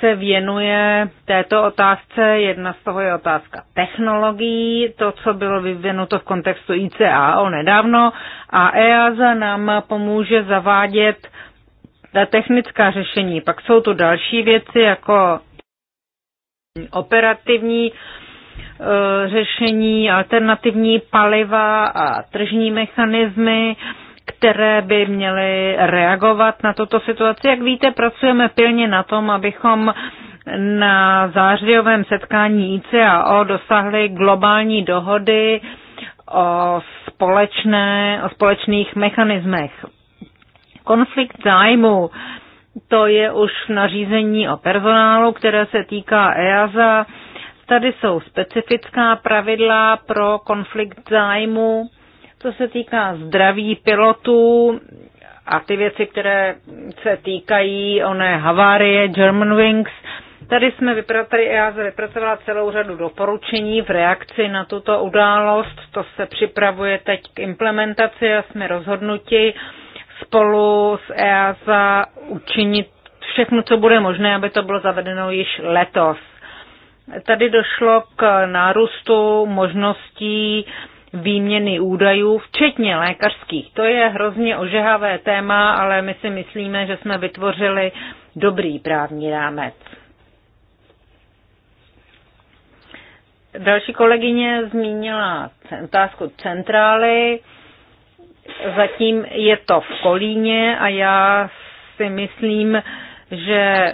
se věnuje této otázce. Jedna z toho je otázka technologií, to, co bylo vyvinuto v kontextu ICAO nedávno. A EASA nám pomůže zavádět ta technická řešení. Pak jsou tu další věci, jako operativní Eh, řešení, alternativní paliva a tržní mechanismy, které by měly reagovat na tuto situaci. Jak víte, pracujeme pilně na tom, abychom na zářijovém setkání ICAO dosáhli globální dohody o, společné, o společných mechanismech. Konflikt zájmu, to je už nařízení o personálu, které se týká EASA. Tady jsou specifická pravidla pro konflikt zájmu, co se týká zdraví pilotů a ty věci, které se týkají oné havárie Germanwings. Tady jsme vypracovali, já e vypracovala celou řadu doporučení v reakci na tuto událost. To se připravuje teď k implementaci a jsme rozhodnuti spolu s EASA učinit všechno, co bude možné, aby to bylo zavedeno již letos. Tady došlo k nárůstu možností výměny údajů, včetně lékařských. To je hrozně ožehavé téma, ale my si myslíme, že jsme vytvořili dobrý právní rámec. Další kolegyně zmínila otázku centrály. Zatím je to v Kolíně a já si myslím, že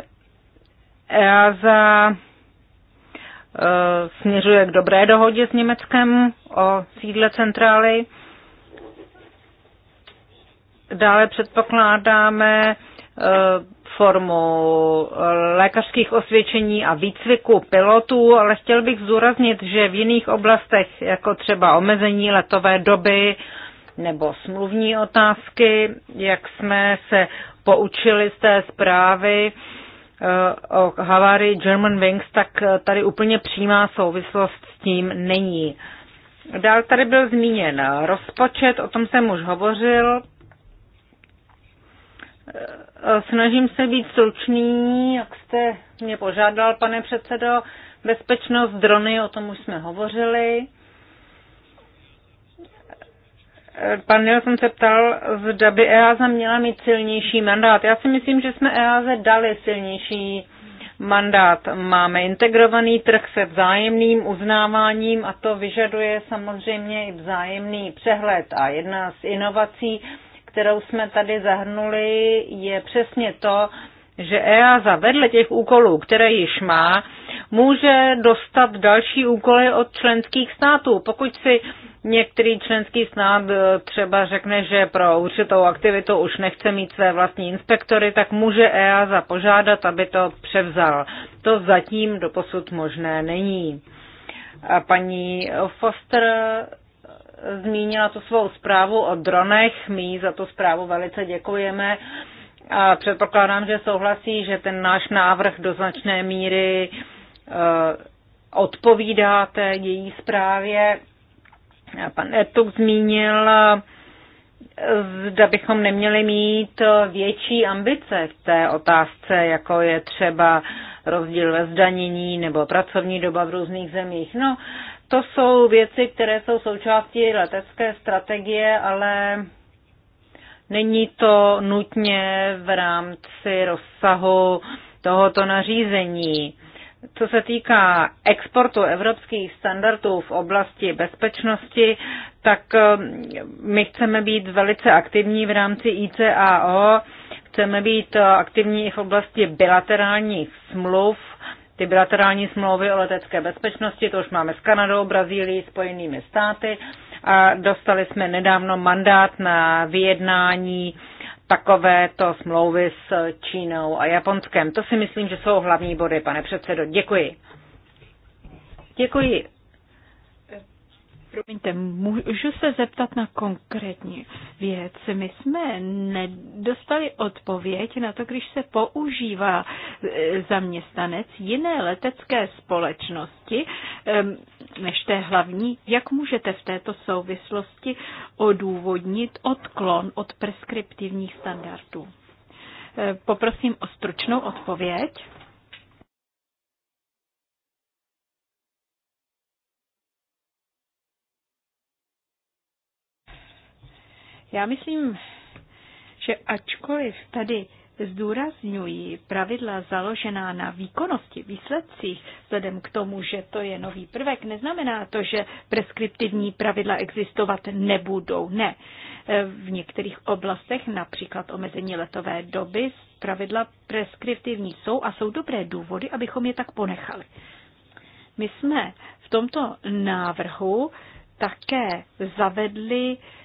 EASA Eh, směřuje k dobré dohodě s Německem o sídle centrály. Dále předpokládáme eh, formu lékařských osvědčení a výcviku pilotů, ale chtěl bych zúraznit, že v jiných oblastech, jako třeba omezení letové doby nebo smluvní otázky, jak jsme se poučili z té zprávy, Eh, o havárii German Wings, tak eh, tady úplně přímá souvislost s tím není. Dál tady byl zmíněn rozpočet, o tom jsem už hovořil. Eh, snažím se být slučný, jak jste mě požádal, pane předsedo. Bezpečnost drony, o tom už jsme hovořili. Pan Nilsson se ptal, zda by EASA měla mít silnější mandát. Já si myslím, že jsme EASA dali silnější mandát. Máme integrovaný trh se vzájemným uznáváním a to vyžaduje samozřejmě i vzájemný přehled. A jedna z inovací, kterou jsme tady zahrnuli, je přesně to, že EASA vedle těch úkolů, které již má, může dostat další úkoly od členských států. Pokud si Některý členský snad e, třeba řekne, že pro určitou aktivitu už nechce mít své vlastní inspektory, tak může EASA požádat, aby to převzal. To zatím doposud možné není. A paní Foster e, zmínila tu svou zprávu o dronech. My za tu zprávu velice děkujeme. A předpokládám, že souhlasí, že ten náš návrh do značné míry e, odpovídá té její zprávě. Pan Ertuk zmínil, zda bychom neměli mít větší ambice v té otázce, jako je třeba rozdíl ve zdanění nebo pracovní doba v různých zemích. No, to jsou věci, které jsou součástí letecké strategie, ale není to nutně v rámci rozsahu tohoto nařízení. Co se týká exportu evropských standardů v oblasti bezpečnosti, tak eh, my chceme být velice aktivní v rámci ICAO, chceme být eh, aktivní i v oblasti bilaterálních smluv, ty bilaterální smlouvy o letecké bezpečnosti, to už máme s Kanadou, Brazílií, Spojenými státy a dostali jsme nedávno mandát na vyjednání takovéto smlouvy s Čínou a Japonskem. To si myslím, že jsou hlavní body, pane předsedo. Děkuji. Děkuji Promiňte, můžu se zeptat na konkrétní věc. My jsme nedostali odpověď na to, když se používá e, zaměstnanec jiné letecké společnosti než té hlavní. Jak můžete v této souvislosti odůvodnit odklon od preskriptivních standardů? E, poprosím o stručnou odpověď. Já myslím, že ačkoliv tady zdůrazňují pravidla založená na výkonnosti, výsledcích, vzhledem k tomu, že to je nový prvek, neznamená to, že preskriptivní pravidla existovat nebudou. Ne. V některých oblastech, například omezení letové doby, pravidla preskriptivní jsou a jsou dobré důvody, abychom je tak ponechali. My jsme v tomto návrhu také zavedli eh,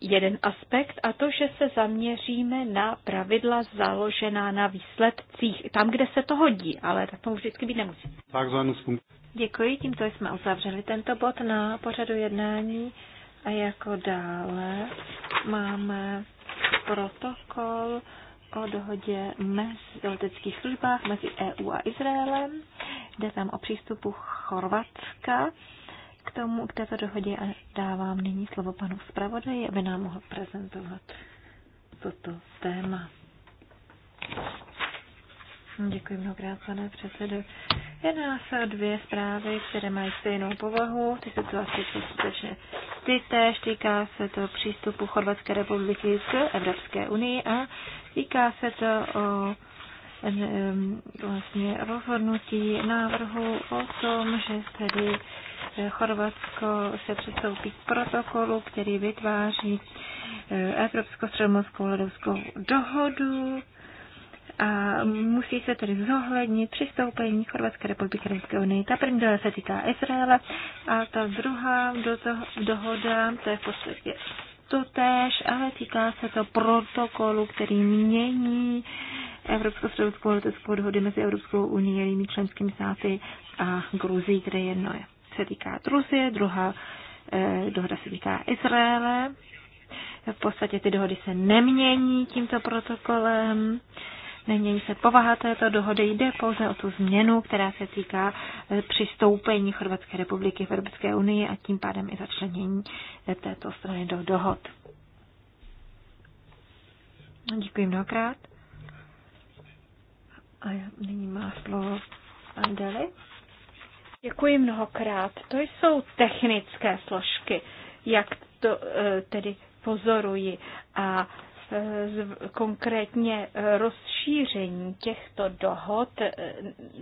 jeden aspekt a to, že se zaměříme na pravidla založená na výsledcích, tam, kde se to hodí, ale tak tomu vždycky být nemusí. Děkuji, tímto jsme uzavřeli tento bod na pořadu jednání a jako dále máme protokol o dohodě mezi leteckých službách mezi EU a Izraelem. Jde tam o přístupu Chorvatska k tomu, k této dohodě a dávám nyní slovo panu zpravodaji, aby nám mohl prezentovat toto téma. Děkuji mnohokrát, pane předsedo. Jedná se o dvě zprávy, které mají stejnou povahu. Ty situace jsou skutečně ty též. Týká se to přístupu Chorvatské republiky k Evropské unii a týká se to o vlastně rozhodnutí návrhu o tom, že tedy Chorvatsko se přistoupí k protokolu, který vytváří eh, Evropskou středomorskou ledovskou dohodu a musí se tedy zohlednit přistoupení Chorvatské republiky Evropské unii. Ta první dohoda se týká Izraele a ta druhá do toho, dohoda, to je v podstatě to též, ale týká se to protokolu, který mění Evropskou středovskou leteckou dohody mezi Evropskou unii, jejími členskými státy a Gruzí, kde jedno je se týká Gruzie, druhá eh, dohoda se týká Izraele. V podstatě ty dohody se nemění tímto protokolem. Nemění se povaha této dohody, jde pouze o tu změnu, která se týká eh, přistoupení Chorvatské republiky v Evropské unii a tím pádem i začlenění eh, této strany do dohod. Děkuji mnohokrát. A nyní má slovo Andeli. Děkuji mnohokrát. To jsou technické složky, jak to eh, tedy pozoruji. A eh, konkrétně eh, rozšíření těchto dohod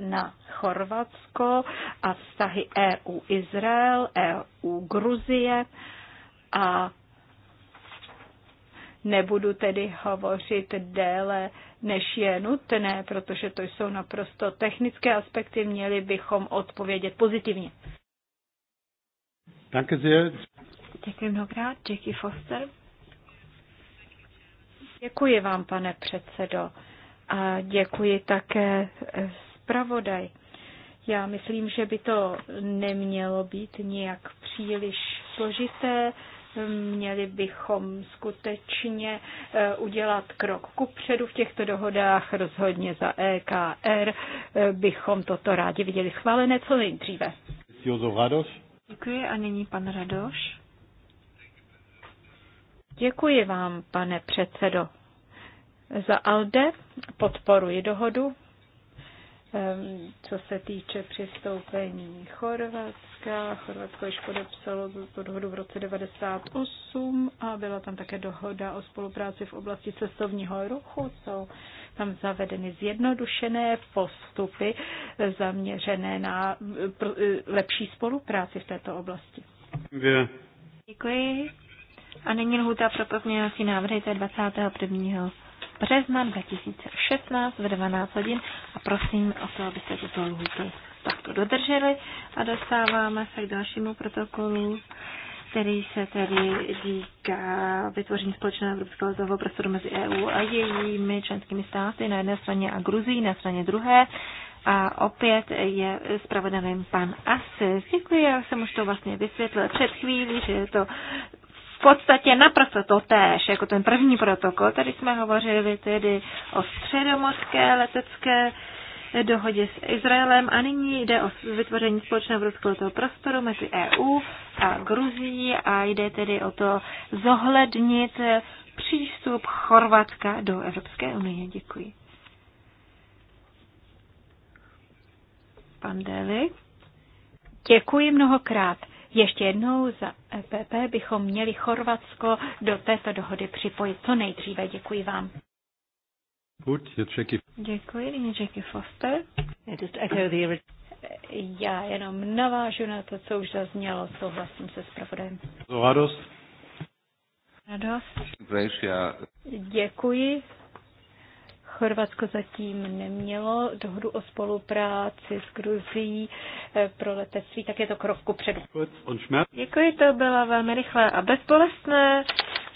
na Chorvatsko a vztahy EU-Izrael, EU-Gruzie a Nebudu tedy hovořit déle, než je nutné, protože to jsou naprosto technické aspekty, měli bychom odpovědět pozitivně. Děkuji mnohokrát. Jackie Foster. Děkuji vám, pane předsedo. A děkuji také zpravodaj. Já myslím, že by to nemělo být nějak příliš složité. Měli bychom skutečně eh, udělat krok ku předu v těchto dohodách, rozhodně za EKR eh, bychom toto rádi viděli schválené co nejdříve. Děkuji a nyní pan Radoš. Děkuji vám, pane předsedo. Za ALDE podporuji dohodu co se týče přistoupení Chorvatska. Chorvatsko již podepsalo tu dohodu v roce 1998 a byla tam také dohoda o spolupráci v oblasti cestovního ruchu. Jsou tam zavedeny zjednodušené postupy zaměřené na e, lepší spolupráci v této oblasti. Děkuji. A není lhůta pro pozměňovací návrhy, to je 21 března 2016 v 12 hodin a prosím o to, abyste tuto lhůtu takto dodrželi a dostáváme se k dalšímu protokolu který se tedy týká vytvoření společného evropského zónového prostoru mezi EU a jejími členskými státy na jedné straně a Gruzí na straně druhé. A opět je zpravodavým pan Asis. Děkuji, já jsem už to vlastně vysvětlil před chvílí, že je to podstatě naprosto to též, jako ten první protokol. Tady jsme hovořili tedy o středomorské letecké dohodě s Izraelem a nyní jde o vytvoření společného evropského prostoru mezi EU a Gruzií a jde tedy o to zohlednit přístup Chorvatska do Evropské unie. Děkuji. Pan Deli. Děkuji mnohokrát. Ještě jednou za EPP bychom měli Chorvatsko do této dohody připojit co nejdříve. Děkuji vám. Děkuji, nyní Jackie Foster. Já jenom navážu na to, co už zaznělo, souhlasím se s Radost. Radost. Děkuji Chorvatsko zatím nemělo dohodu o spolupráci s Gruzií eh, pro letectví, tak je to krok ku předu. Děkuji, to bylo velmi rychlé a bezbolestné.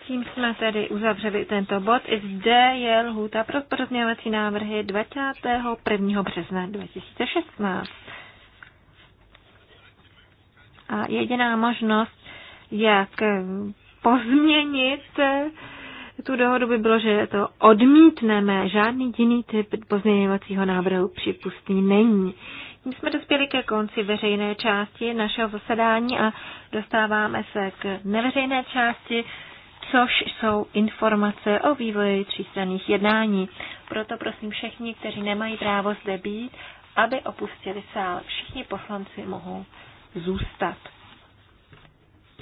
Tím jsme tedy uzavřeli tento bod. I zde je lhůta pro pozměňovací návrhy 21. března 2016. A jediná možnost, jak eh, pozměnit eh, tu dohodu by bylo, že to odmítneme. Žádný jiný typ pozměňovacího návrhu připustný není. Tím jsme dospěli ke konci veřejné části našeho zasedání a dostáváme se k neveřejné části, což jsou informace o vývoji třístranných jednání. Proto prosím všichni, kteří nemají právo zde být, aby opustili sál. Všichni poslanci mohou zůstat.